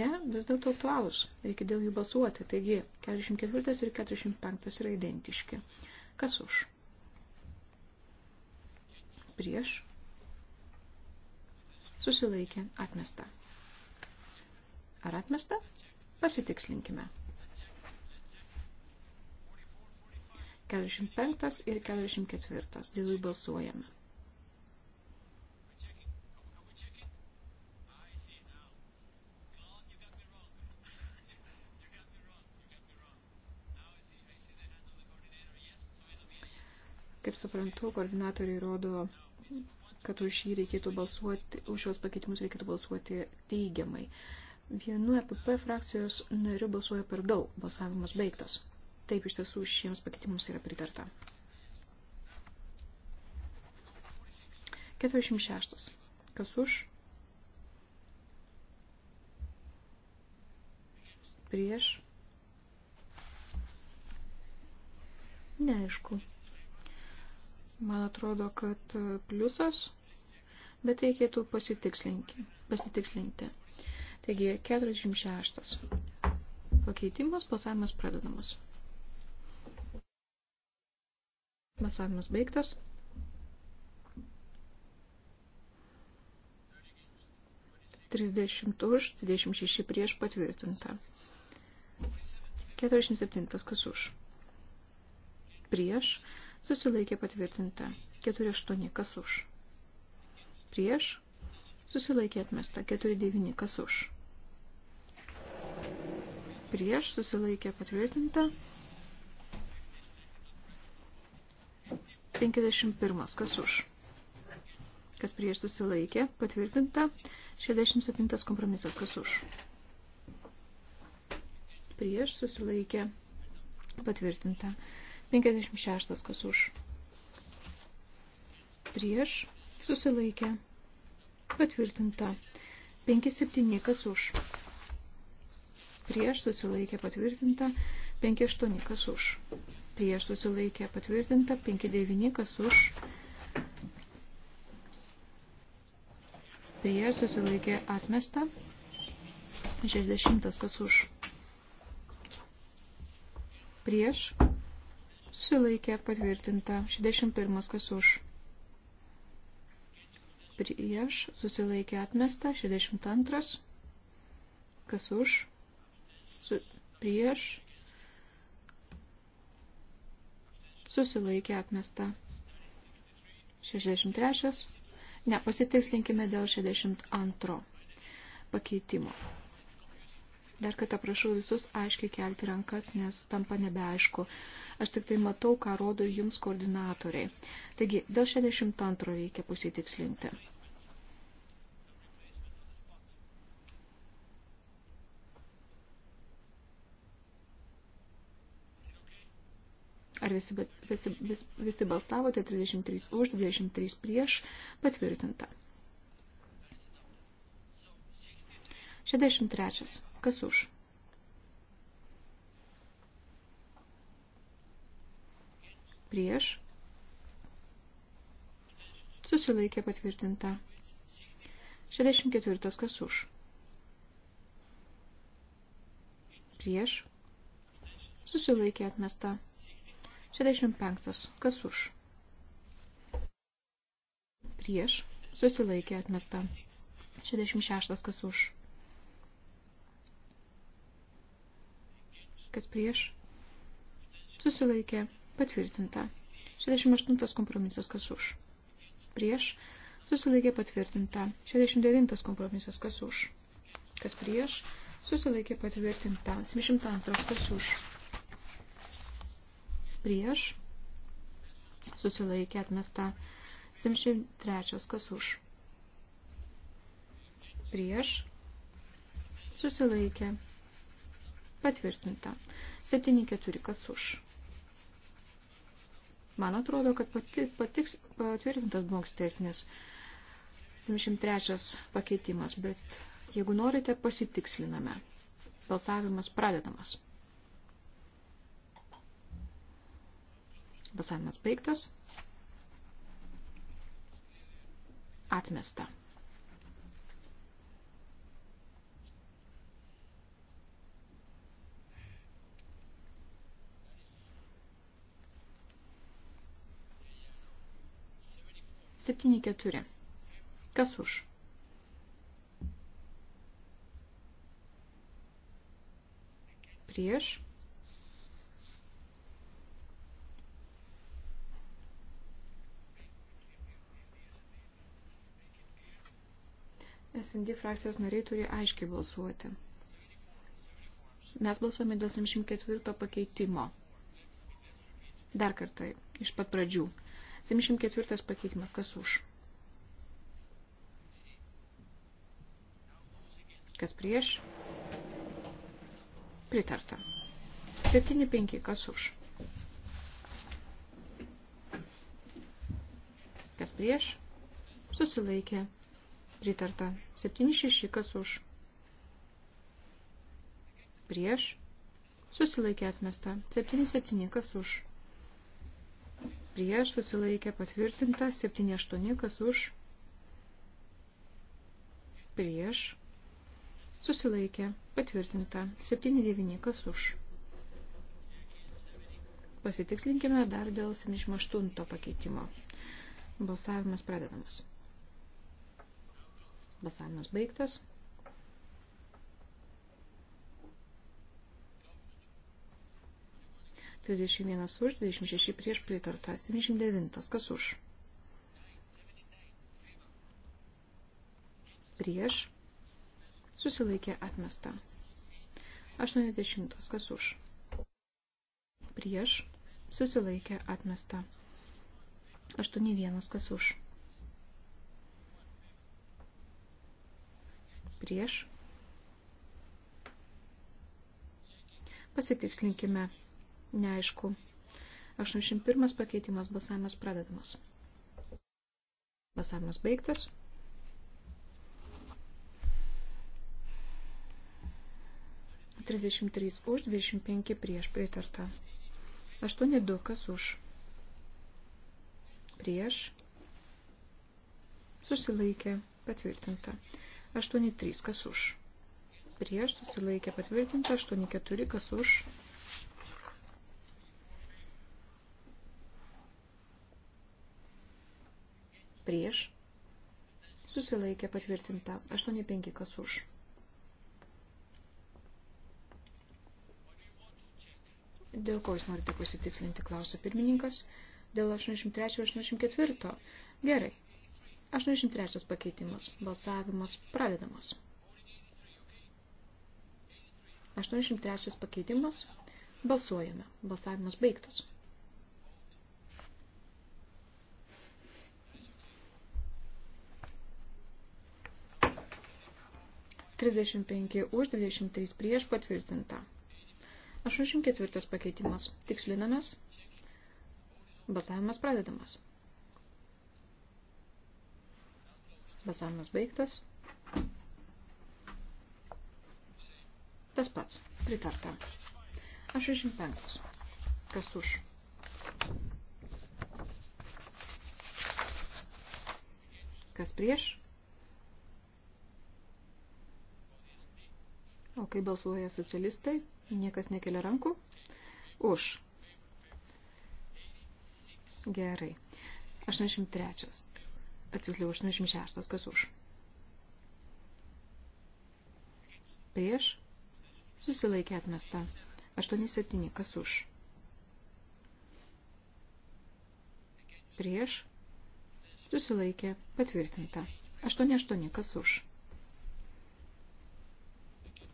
Ne, vis dėlto aktualūs. Reikia dėl jų balsuoti. Taigi, 44 ir 45 yra identiški. Kas už? Prieš. Susilaikė. Atmesta. Ar atmesta? Pasitikslinkime. 45 ir 44. Dėl jų balsuojame. Kaip suprantu, koordinatoriai rodo, kad už, jį reikėtų balsuoti, už šios pakeitimus reikėtų balsuoti teigiamai. Vienu EPP frakcijos nariu balsuoja per daug, balsavimas baigtas. Taip iš tiesų šiems pakeitimams yra pritarta. 46. Kas už? Prieš? Neaišku. Man atrodo, kad e, pliusas, bet reikėtų pasitikslinti. pasitikslinti. Taigi 46. Pakeitimas, balsavimas pradedamas. Balsavimas baigtas. Trisdešimt už, dvidešimt šeši prieš patvirtinta. Keturiasdešimt septintas kas už? Prieš susilaikė patvirtinta. 4-8 kas už. Prieš susilaikė atmesta. 4-9 kas už. Prieš susilaikė patvirtinta. 51 kas už. Kas prieš susilaikė patvirtinta. 67 kompromisas kas už. Prieš susilaikė patvirtinta. 56 kas už. Prieš susilaikę. Patvirtinta. 57 kas už. Prieš susilaikę patvirtinta. 58 kas už. Prieš susilaikę patvirtinta. 59 kas už. Prieš susilaikė atmesta. 60 kas už. Prieš susilaikė patvirtinta. 61 kas už. Prieš susilaikė atmesta. 62 kas už. Su, prieš susilaikė atmesta. 63. Ne, pasitikslinkime dėl 62 pakeitimo. Dar kartą prašau visus aiškiai kelti rankas, nes tampa nebeaišku. Aš tik tai matau, ką rodo jums koordinatoriai. Taigi, dėl 62 reikia pusitikslinti. Ar visi, visi, vis, visi balsavote 33 už, 23 prieš patvirtinta. 63. Kas už? Prieš. Susilaikė patvirtinta. 64. Kas už? Prieš. Susilaikė atmesta. 65. Kas už? Prieš. Susilaikė atmesta. 66. Kas už? kas prieš, susilaikė, patvirtinta. 68 kompromisas, kas už, prieš, susilaikė, patvirtinta. 69 kompromisas, kas už, kas prieš, susilaikė, patvirtinta. 72 kas už, prieš, susilaikė, atmesta. 73 kas už, prieš, susilaikė, Patvirtinta. 7-4 kas už. Man atrodo, kad pati, patiks, patvirtintas buvo ankstesnis 73 pakeitimas, bet jeigu norite, pasitiksliname. Balsavimas pradedamas. Balsavimas baigtas. Atmesta. 74. Kas už? Prieš. SND frakcijos nariai turi aiškiai balsuoti. Mes balsuojame dėl 74 pakeitimo. Dar kartą, iš pat pradžių. 74 pakeitimas. Kas už? Kas prieš? Pritarta. 7.5. Kas už? Kas prieš? Susilaikė. Pritarta. 7.6. Kas už? Prieš? Susilaikė atmesta. 7.7. Kas už? prieš, susilaikė patvirtinta, 7-8, kas už, prieš, susilaikė patvirtinta, 7-9, kas už. Pasitikslinkime dar dėl 78 pakeitimo. Balsavimas pradedamas. Balsavimas baigtas. 31 už, 26 prieš pritarta, 79 kas už. Prieš susilaikė atmesta. 80 kas už. Prieš susilaikė atmesta. 81 kas už. Prieš pasitikslinkime Neaišku. 81 pakeitimas balsavimas pradedamas. Balsavimas baigtas. Trisdešimt trys už, dvidešimt penki prieš pritarta. Aštuoni du, kas už. Prieš. Susilaikė, patvirtinta. Aštuoni trys, kas už. Prieš, susilaikė, patvirtinta. Aštuoni keturi, kas už. Prieš prieš, susilaikė patvirtinta, 85 kas už. Dėl ko jūs norite pasitikslinti, klausia pirmininkas, dėl 83 ir 84. Gerai, 83 pakeitimas, balsavimas pradedamas. 83 pakeitimas, balsuojame, balsavimas baigtas. 35 už 23 prieš patvirtinta. 84 pakeitimas. Tikslinamės. Balsavimas pradedamas. Balsavimas baigtas. Tas pats. Pritarta. 85. Kas už? Kas prieš? O kai balsuoja socialistai, niekas nekelia rankų. Už. Gerai. 83. Atsiksliau, 86. Kas už? Prieš. Susilaikė atmesta. 87. Kas už? Prieš. Susilaikė. Patvirtinta. 88. Kas už?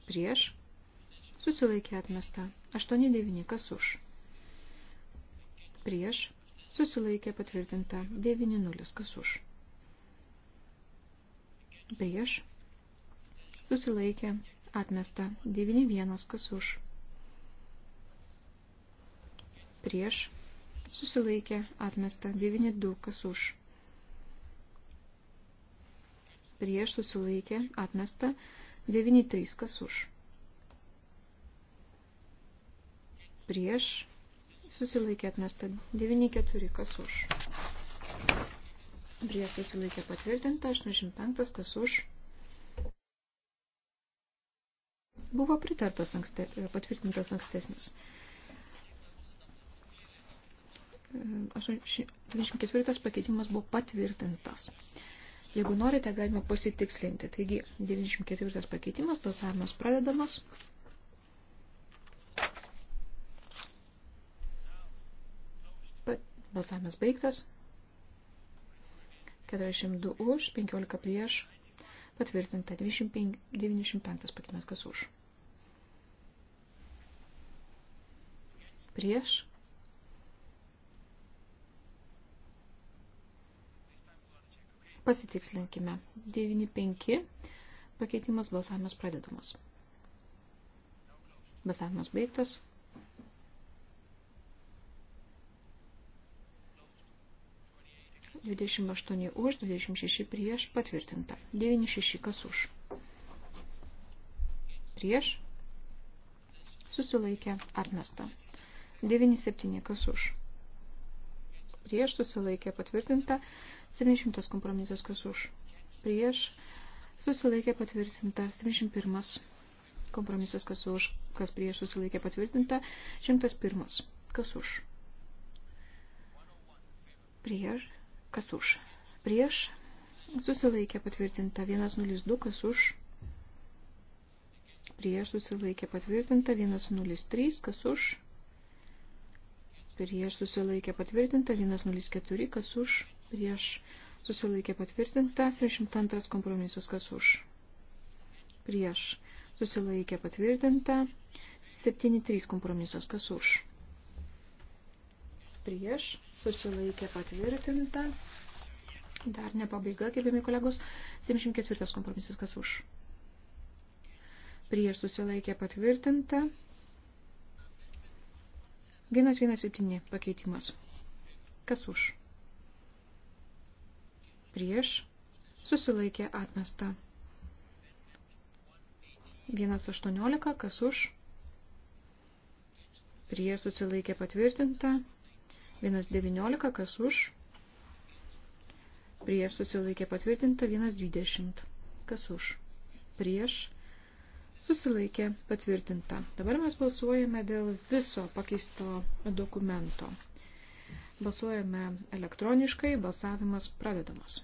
prieš, susilaikė atmesta. 8-9 kas už, prieš, susilaikė patvirtinta. 9-0 kas už, prieš, susilaikė atmesta. 9-1 kas už, prieš, susilaikė atmesta. 9-2 kas už prieš susilaikė, atmesta, 9.3. Kas už? Prieš. Susilaikė atmesta. 9.4. Kas už? Prieš susilaikė patvirtinta. 85. Kas už? Buvo pritartas ankste, patvirtintas ankstesnis. 24 pakeitimas buvo patvirtintas. Jeigu norite, galime pasitikslinti. Taigi, 94 pakeitimas, balsavimas pradedamas. Balsavimas baigtas. 42 už, 15 prieš, patvirtinta 25, 95 pakeitimas, kas už. Prieš Pasitikslinkime. 9.5. Pakeitimas balsavimas pradedamas. Balsavimas baigtas. Dvidešimt aštuoni už, dvidešimt šeši prieš, patvirtinta. Devyni šeši kas už. Prieš. Susilaikė, atmesta. Devyni septyni kas už. Prieš susilaikė, patvirtinta. 70 kompromisas kas už prieš susilaikė patvirtinta. 71 kompromisas kas už kas prieš susilaikė patvirtinta. 101 kas už prieš kas už prieš susilaikė patvirtinta. 102 kas už prieš susilaikė patvirtinta. 103 kas už prieš susilaikė patvirtinta. 104 kas už prieš susilaikė patvirtinta, 72 kompromisas kas už, prieš susilaikė patvirtinta, 73 kompromisas kas už, prieš susilaikė patvirtinta, dar ne pabaiga, gerbiami kolegos, 74 kompromisas kas už, prieš susilaikė patvirtinta, 117 pakeitimas. Kas už? prieš, susilaikė atmesta. 1.18, kas už, prieš susilaikė patvirtinta. 1.19, kas už, prieš susilaikė patvirtinta. 1.20, kas už, prieš susilaikė patvirtinta. Dabar mes balsuojame dėl viso pakeisto dokumento. Balsuojame elektroniškai, balsavimas pradedamas.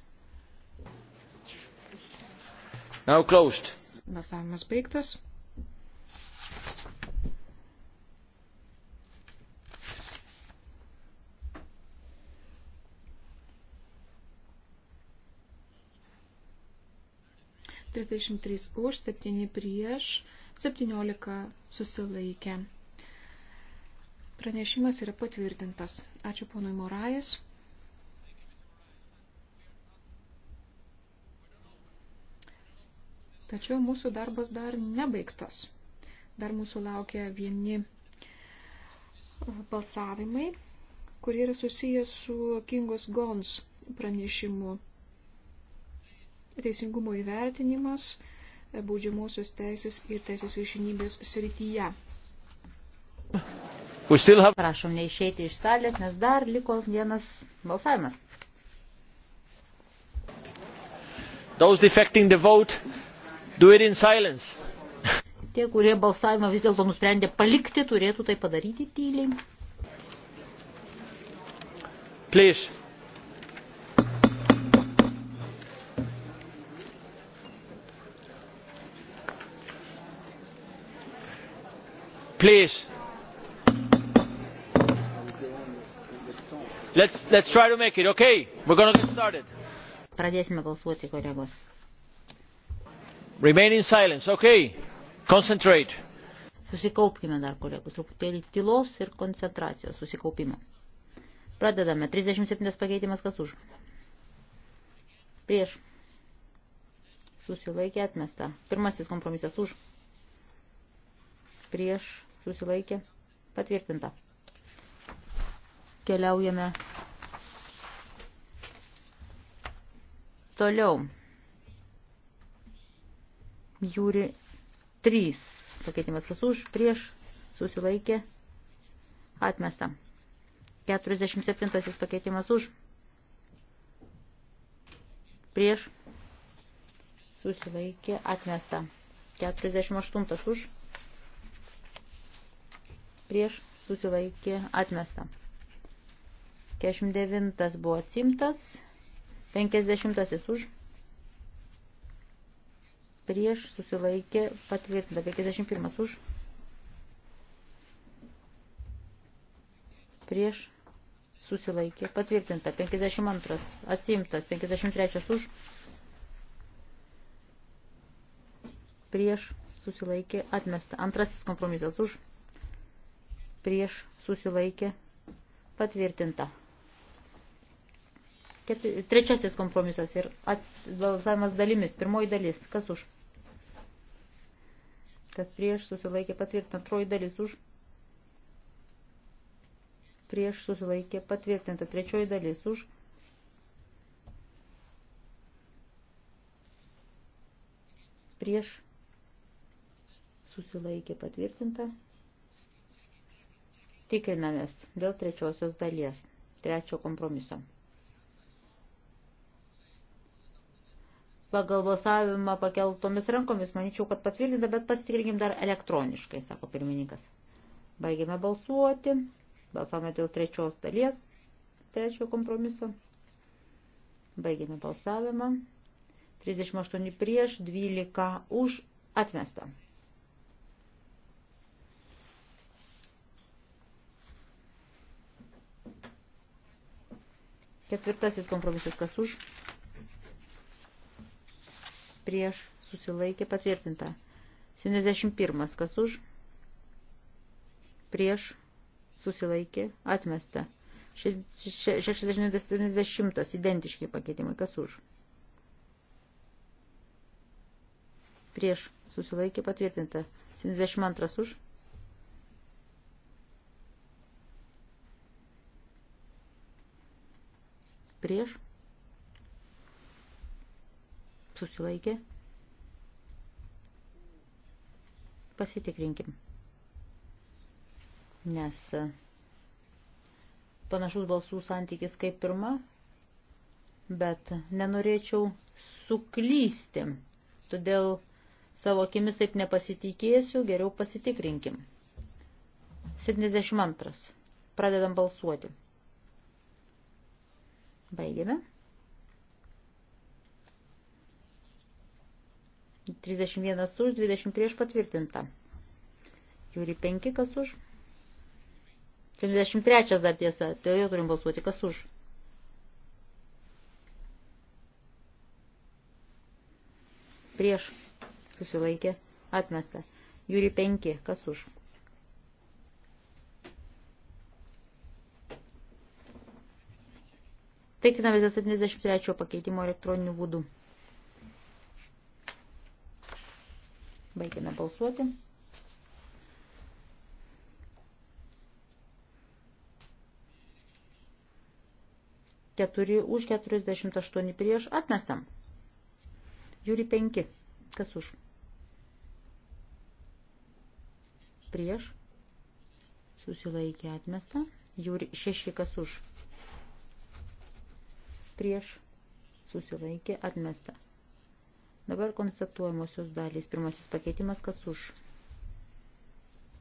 Now closed. Balsavimas baigtas. Trisdešimt trys už, septyni prieš, septyniolika susilaikė. Pranešimas yra patvirtintas. Ačiū ponui Morais. Tačiau mūsų darbas dar nebaigtas. Dar mūsų laukia vieni balsavimai, kurie yra susijęs su Kingos Gons pranešimu. Teisingumo įvertinimas baudžiamosios teisės ir teisės viršinybės srityje have... Prašom neišeiti iš salės, nes dar liko vienas balsavimas. Those defecting the vote, do it in silence. <laughs> Tie, kurie balsavimą vis dėlto nusprendė palikti, turėtų tai padaryti tyliai. Please. please Let's, let's try to make it, okay? We're gonna get started. Pradėsime balsuoti, kolegos. Remain in silence, okay? Concentrate. Susikaupkime dar, kolegos, truputėlį tylos ir koncentracijos susikaupimas. Pradedame. 37 pakeitimas kas už. Prieš. Susilaikė atmesta. Pirmasis kompromisas už. Prieš. Susilaikė. Patvirtinta. Keliaujame toliau. Jūri 3. Pakeitimas kas už, prieš, susilaikė, atmesta. 47. pakeitimas už, prieš, susilaikė, atmesta. 48. už, prieš, susilaikė, atmesta. 49 buvo atsimtas, 50 už, prieš susilaikė patvirtinta, 51 už, prieš susilaikė patvirtinta, 52 atsimtas, 53 už, prieš susilaikė atmesta, antrasis kompromisas už, prieš susilaikė patvirtinta. Keturi, trečiasis kompromisas ir balsavimas dalimis. Pirmoji dalis. Kas už? Kas prieš susilaikė patvirtinta. Antroji dalis už. Prieš susilaikė patvirtinta. Trečioji dalis už. Prieš susilaikė patvirtinta. Tikrinamės dėl trečiosios dalies, trečio kompromiso. pagal balsavimą pakeltomis rankomis, manyčiau, kad patvirtinta, bet pasitikrinkim dar elektroniškai, sako pirmininkas. Baigėme balsuoti, balsavome dėl trečios dalies, trečiojo kompromiso. Baigėme balsavimą. 38 prieš, 12 už, atmesta. Ketvirtasis kompromisas kas už? prieš susilaikė patvirtinta. 71. Kas už? Prieš susilaikė atmesta. 60-70 identiški pakeitimai. Kas už? Prieš susilaikė patvirtinta. 72 už. Prieš susilaikė. Pasitikrinkim. Nes panašus balsų santykis kaip pirma, bet nenorėčiau suklysti. Todėl savo akimis taip nepasitikėsiu, geriau pasitikrinkim. 72. Pradedam balsuoti. Baigiame. 31 už, 20 prieš patvirtinta. Jūri 5 kas už. 73 dar tiesa, tai jau turim balsuoti kas už. Prieš susilaikė atmesta. Jūri 5 kas už. Taikinamės 73 pakeitimo elektroniniu būdu. Baigiame balsuoti. Keturi už 48 prieš atmestam. Jūri 5. Kas už? Prieš. Susilaikė atmestą. Jūri 6. Kas už? Prieš. Susilaikė atmestą. Dabar konstatuojamosios dalys. Pirmasis pakeitimas, kas už.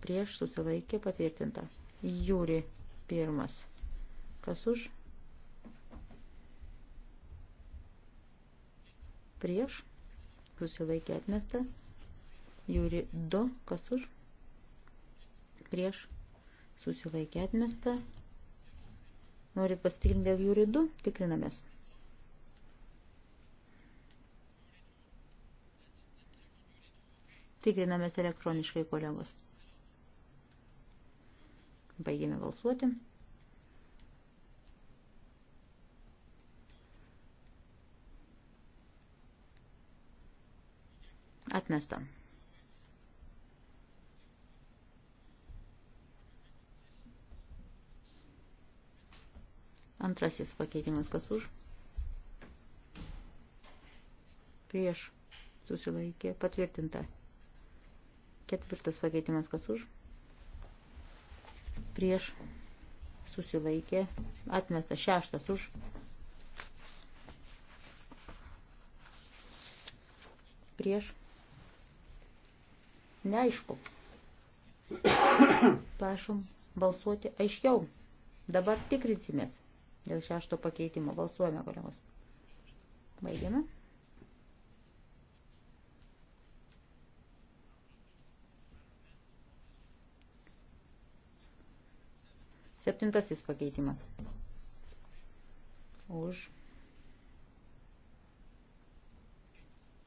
Prieš susilaikė patvirtinta. Jūri pirmas. Kas už? Prieš susilaikė atmesta. Jūri 2, kas už? Prieš susilaikė atmesta. Norit pasitikrinti dėl jūri 2? Tikrinamės. Tikrinamės elektroniškai, kolegos. Baigėme balsuoti. Atmesta. Antrasis pakeitimas kas už? Prieš susilaikė patvirtinta. Ketvirtas pakeitimas kas už. Prieš susilaikė. Atmestas šeštas už. Prieš. Neaišku. Prašom balsuoti aiškiau. Dabar tikrinsimės dėl šešto pakeitimo. Balsuojame, kolegos. Baigiame. Septintasis pakeitimas. Už.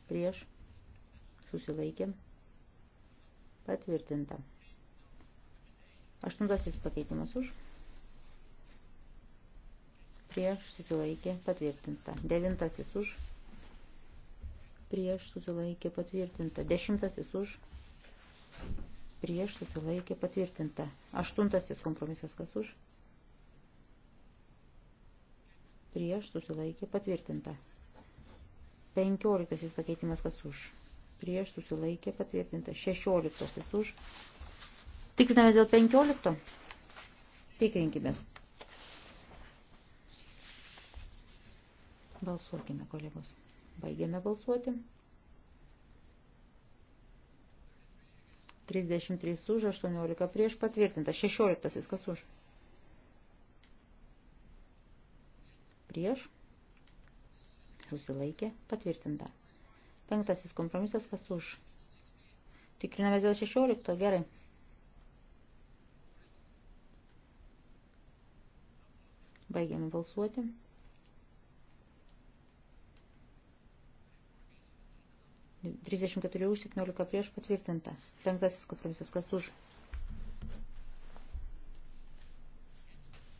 Prieš. Susilaikė. Patvirtinta. Aštuntasis pakeitimas už. Prieš susilaikė patvirtinta. Devintasis už. Prieš susilaikė patvirtinta. Dešimtasis už prieš susilaikė patvirtinta. Aštuntasis kompromisas kas už? Prieš susilaikė patvirtinta. Penkioliktasis pakeitimas kas už? Prieš susilaikė patvirtinta. Šešioliktasis už. Tikrinamės dėl penkiolikto? Tikrinkimės. Balsuokime, kolegos. Baigėme balsuoti. 33 už, 18 prieš patvirtinta. 16 kas už. Prieš. Susilaikė. Patvirtinta. Penktasis kompromisas kas už. Tikrinamės dėl 16. Gerai. Baigiame balsuoti. 34 už, 17 prieš patvirtinta. Penktasis kompromisas, kas už?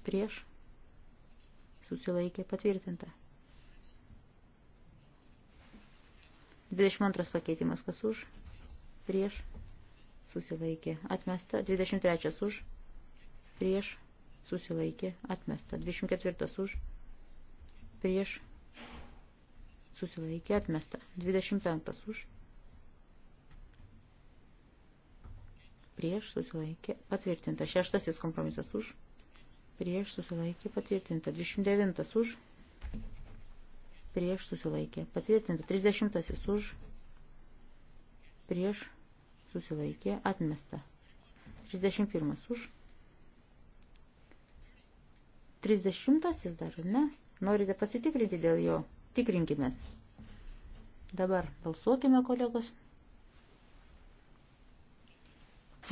Prieš susilaikė patvirtinta. 22 pakeitimas, kas už? Prieš susilaikė atmesta. 23 už? Prieš susilaikė atmesta. 24 už? Prieš susilaikė atmesta. 25 už. Prieš susilaikė patvirtinta. Šeštasis kompromisas už. Prieš susilaikė patvirtinta. 29 už. Prieš susilaikė patvirtinta. 30 už. Prieš susilaikė atmesta. 31 už. 30 dar, ne? Norite pasitikrinti dėl jo? Tikrinkimės. Dabar balsuokime, kolegos.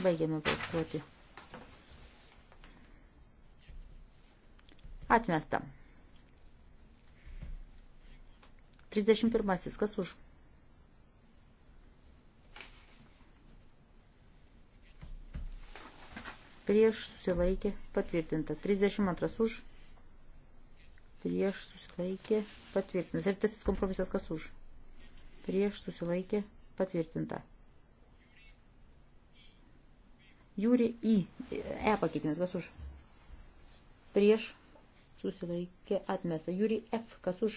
Baigiame balsuoti. Atmesta. 31. Kas už? Prieš susilaikė patvirtinta. 32 už prieš susilaikė patvirtinta. Septasis kompromisas kas už? Prieš susilaikė patvirtinta. Jūri į E pakeitimas kas už? Prieš susilaikė atmesta. Jūri F kas už?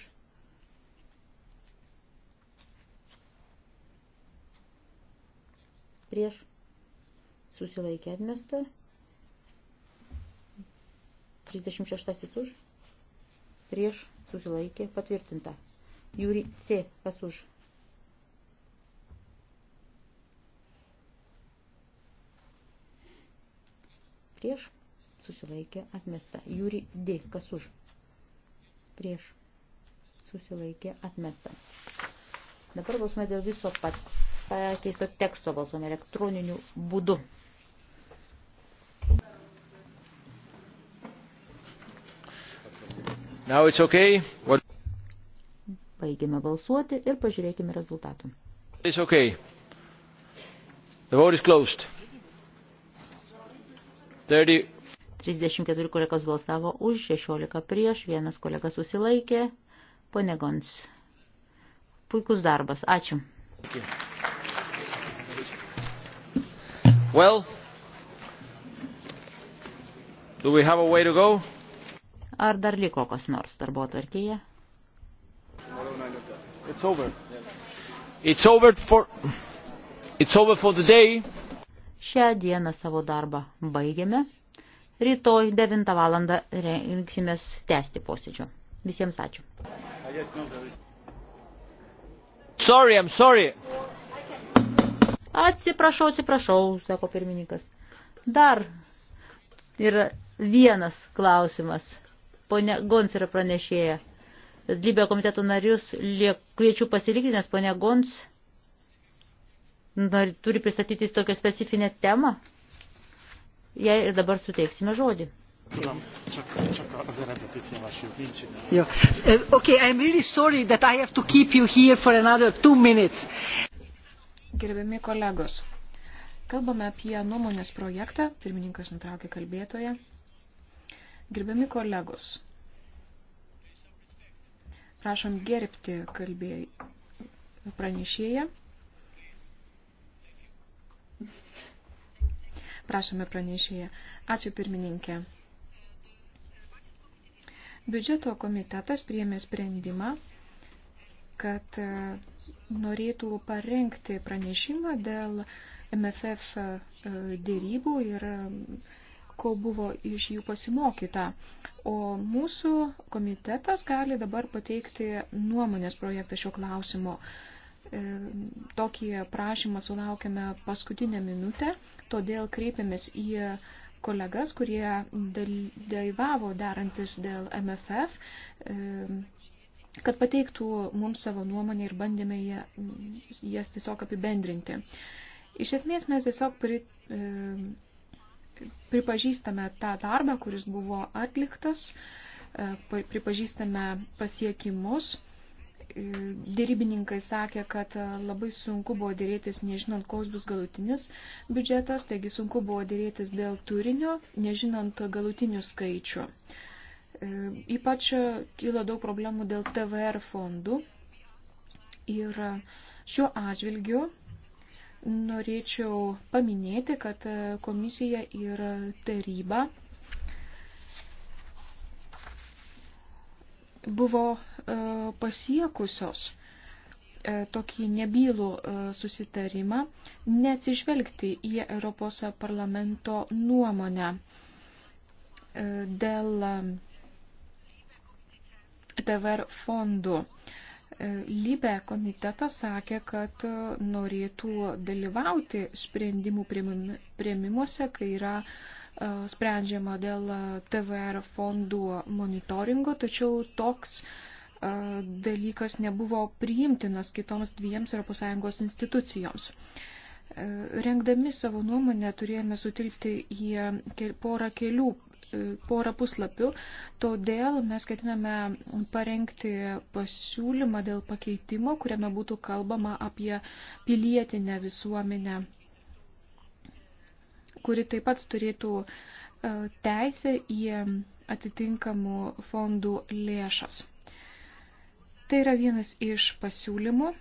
Prieš susilaikė atmesta. 36 už prieš susilaikė patvirtinta. Jūri C. Kas už? Prieš susilaikė atmesta. Jūri D. Kas už? Prieš susilaikė atmesta. Dabar balsuome dėl viso pakeisto teksto balsuome elektroniniu būdu. Now it's okay. What... Baigėme balsuoti ir pažiūrėkime rezultatų. It's okay. The vote is closed. 30... 34 kolegos balsavo už, 16 prieš, vienas kolega susilaikė. Pone Gons, puikus darbas. Ačiū. Well, do we have a way to go? Ar dar liko kas nors darbo atvarkėje? It's over. It's over for... It's over for the day. Šią dieną savo darbą baigiame. Rytoj 9 val. rinksimės tęsti posėdžio. Visiems ačiū. Sorry, I'm sorry. Atsiprašau, atsiprašau, sako pirmininkas. Dar yra vienas klausimas. Pone Gons yra pranešėja. Libio komiteto narius liek, kviečiu pasilikti, nes ponia Gons nori, turi pristatyti tokią specifinę temą. Jei ir dabar suteiksime žodį. Yeah. Eh, okay, I'm really sorry that I have to keep you here for another two minutes. Gerbiami kolegos, kalbame apie nuomonės projektą, pirmininkas nutraukė kalbėtoje, Gerbiami kolegos, prašom gerbti kalbėjai pranešėją. Prašome pranešėją. Ačiū pirmininkė. Biudžeto komitetas priėmė sprendimą, kad e, norėtų parengti pranešimą dėl MFF e, dėrybų ir ko buvo iš jų pasimokyta. O mūsų komitetas gali dabar pateikti nuomonės projektą šio klausimo. E, tokį prašymą sulaukėme paskutinę minutę, todėl kreipiamės į kolegas, kurie dalyvavo darantis dėl MFF, e, kad pateiktų mums savo nuomonę ir bandėme jas tiesiog apibendrinti. Iš esmės mes tiesiog pri, e, pripažįstame tą darbą, kuris buvo atliktas, e, pripažįstame pasiekimus. E, dėrybininkai sakė, kad e, labai sunku buvo dėrėtis, nežinant, koks bus galutinis biudžetas, taigi sunku buvo dėrėtis dėl turinio, nežinant galutinių skaičių. Ypač kilo daug problemų dėl TVR fondų ir šiuo atžvilgiu norėčiau paminėti, kad komisija ir taryba buvo e, pasiekusios e, tokį nebylų e, susitarimą, neatsižvelgti į Europos parlamento nuomonę dėl TVR fondų. Libe komitetas sakė, kad e, norėtų dalyvauti sprendimų prieimimuose, kai yra e, sprendžiama dėl e, TVR fondų monitoringo, tačiau toks dalykas nebuvo priimtinas kitoms dviems ES institucijoms. Rengdami savo nuomonę turėjome sutilpti į porą kelių E, porą puslapių, todėl mes ketiname parengti pasiūlymą dėl pakeitimo, kuriame būtų kalbama apie pilietinę visuomenę, kuri taip pat turėtų e, teisę į atitinkamų fondų lėšas. Tai yra vienas iš pasiūlymų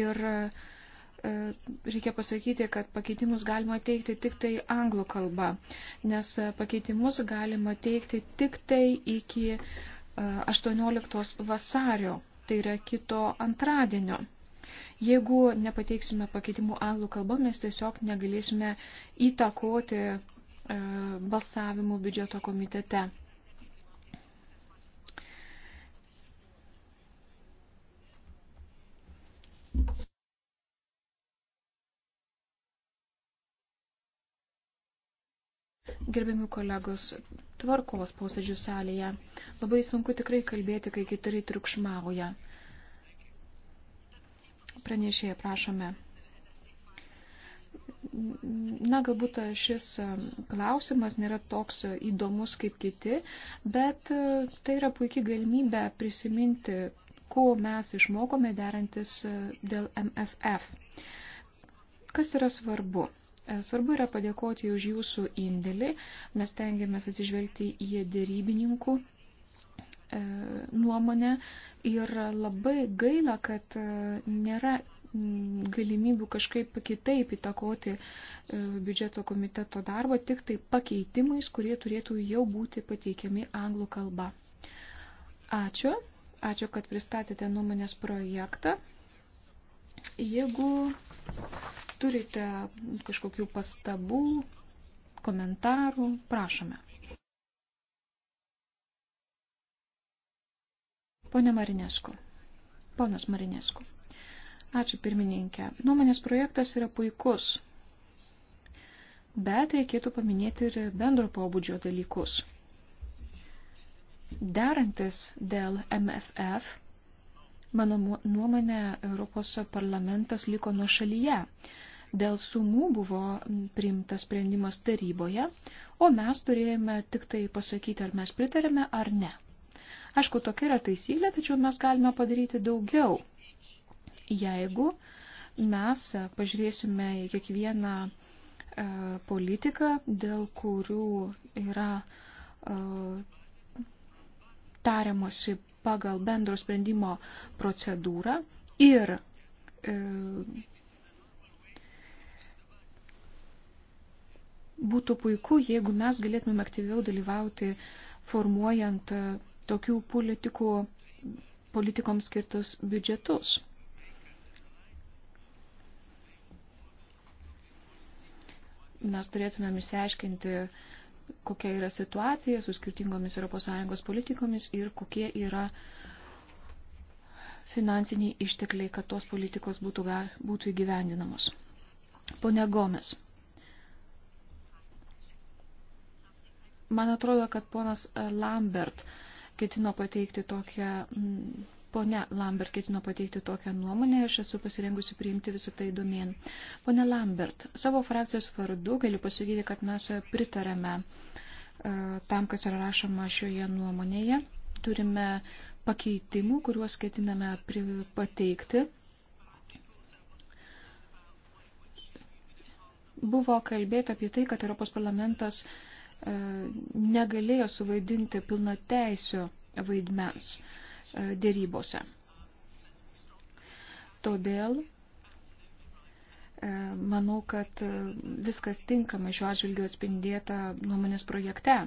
ir uh, E, reikia pasakyti, kad pakeitimus galima teikti tik tai anglų kalba, nes e, pakeitimus galima teikti tik tai iki 18 e, vasario, tai yra kito antradienio. Jeigu nepateiksime pakeitimų anglų kalba, mes tiesiog negalėsime įtakoti balsavimų biudžeto komitete. Gerbiami kolegos, tvarkos posėdžių salėje. Labai sunku tikrai kalbėti, kai kitari tai triukšmauja. Pranešėje prašome. Na, galbūt šis klausimas nėra toks įdomus kaip kiti, bet tai yra puikiai galimybė prisiminti, ko mes išmokome derantis dėl MFF. Kas yra svarbu? E, svarbu yra padėkoti už jūsų indėlį. Mes tengiamės atsižvelgti į dėrybininkų e, nuomonę ir labai gaila, kad e, nėra galimybių kažkaip kitaip įtakoti biudžeto komiteto darbą, tik tai pakeitimais, kurie turėtų jau būti pateikiami anglų kalba. Ačiū. Ačiū, kad pristatėte nuomonės projektą. Jeigu turite kažkokių pastabų, komentarų, prašome. Pone Marinesku. Ponas Marinesku. Ačiū pirmininkė. Nuomonės projektas yra puikus, bet reikėtų paminėti ir bendro pobūdžio dalykus. Derantis dėl MFF, mano nuomonė, Europos parlamentas liko nuo šalyje. Dėl sumų buvo priimtas sprendimas taryboje, o mes turėjome tik tai pasakyti, ar mes pritarėme ar ne. Aišku, tokia yra taisyklė, tačiau mes galime padaryti daugiau, jeigu mes pažiūrėsime į kiekvieną e, politiką, dėl kurių yra e, tariamasi pagal bendro sprendimo procedūrą ir e, būtų puiku, jeigu mes galėtumėm aktyviau dalyvauti formuojant e, tokių politikų, politikoms skirtus biudžetus. Mes turėtumėm įsiaiškinti, kokia yra situacija su skirtingomis ES politikomis ir kokie yra finansiniai ištekliai, kad tos politikos būtų, būtų įgyvendinamos. Pone Gomes. Man atrodo, kad ponas Lambert ketino pateikti tokią. Mm, Pone Lambert ketino pateikti tokią nuomonę, aš esu pasirengusi priimti visą tai domėn. Pone Lambert, savo frakcijos vardu galiu pasakyti, kad mes pritarame e, tam, kas yra rašoma šioje nuomonėje. Turime pakeitimų, kuriuos ketiname pateikti. Buvo kalbėta apie tai, kad Europos parlamentas uh, E, negalėjo suvaidinti pilnateisio vaidmens e, dėrybose. Todėl e, manau, kad viskas tinkamai šiuo atžvilgiu atspindėta nuomonės projekte.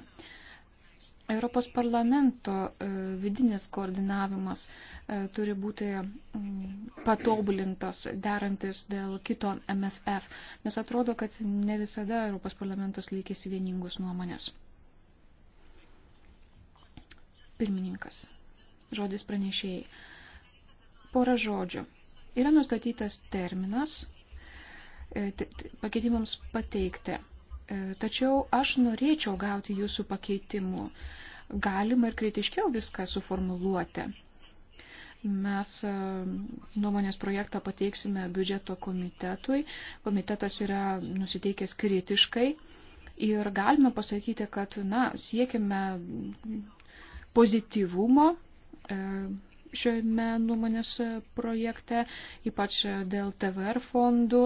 Europos parlamento e, vidinis koordinavimas e, turi būti mm, patobulintas, derantis dėl kito MFF, nes atrodo, kad ne visada Europos parlamentas laikėsi vieningus nuomonės. Pirmininkas. Žodis pranešėjai. Pora žodžių. Yra nustatytas terminas e, pakeitimams pateikti E, tačiau aš norėčiau gauti jūsų pakeitimų. Galima ir kritiškiau viską suformuluoti. Mes e, nuomonės projektą pateiksime biudžeto komitetui. Komitetas yra nusiteikęs kritiškai ir galime pasakyti, kad na, siekime pozityvumo e, šiame nuomonės projekte, ypač dėl TVR fondų.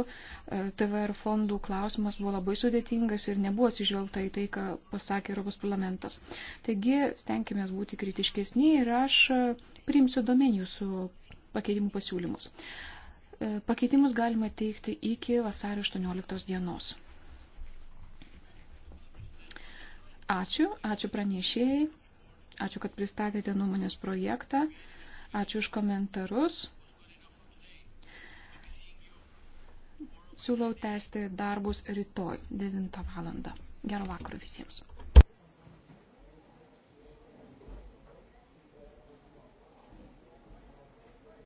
TVR fondų klausimas buvo labai sudėtingas ir nebuvo atsižvelgta į tai, ką pasakė Europos parlamentas. Taigi, stenkime būti kritiškesni ir aš priimsiu domenijų su pakeitimų pasiūlymus. Pakeitimus galima teikti iki vasario 18 dienos. Ačiū, ačiū pranešėjai, ačiū, kad pristatėte nuomonės projektą. Ačiū už komentarus. Siūlau tęsti darbus rytoj 9 val. Gerą vakarą visiems.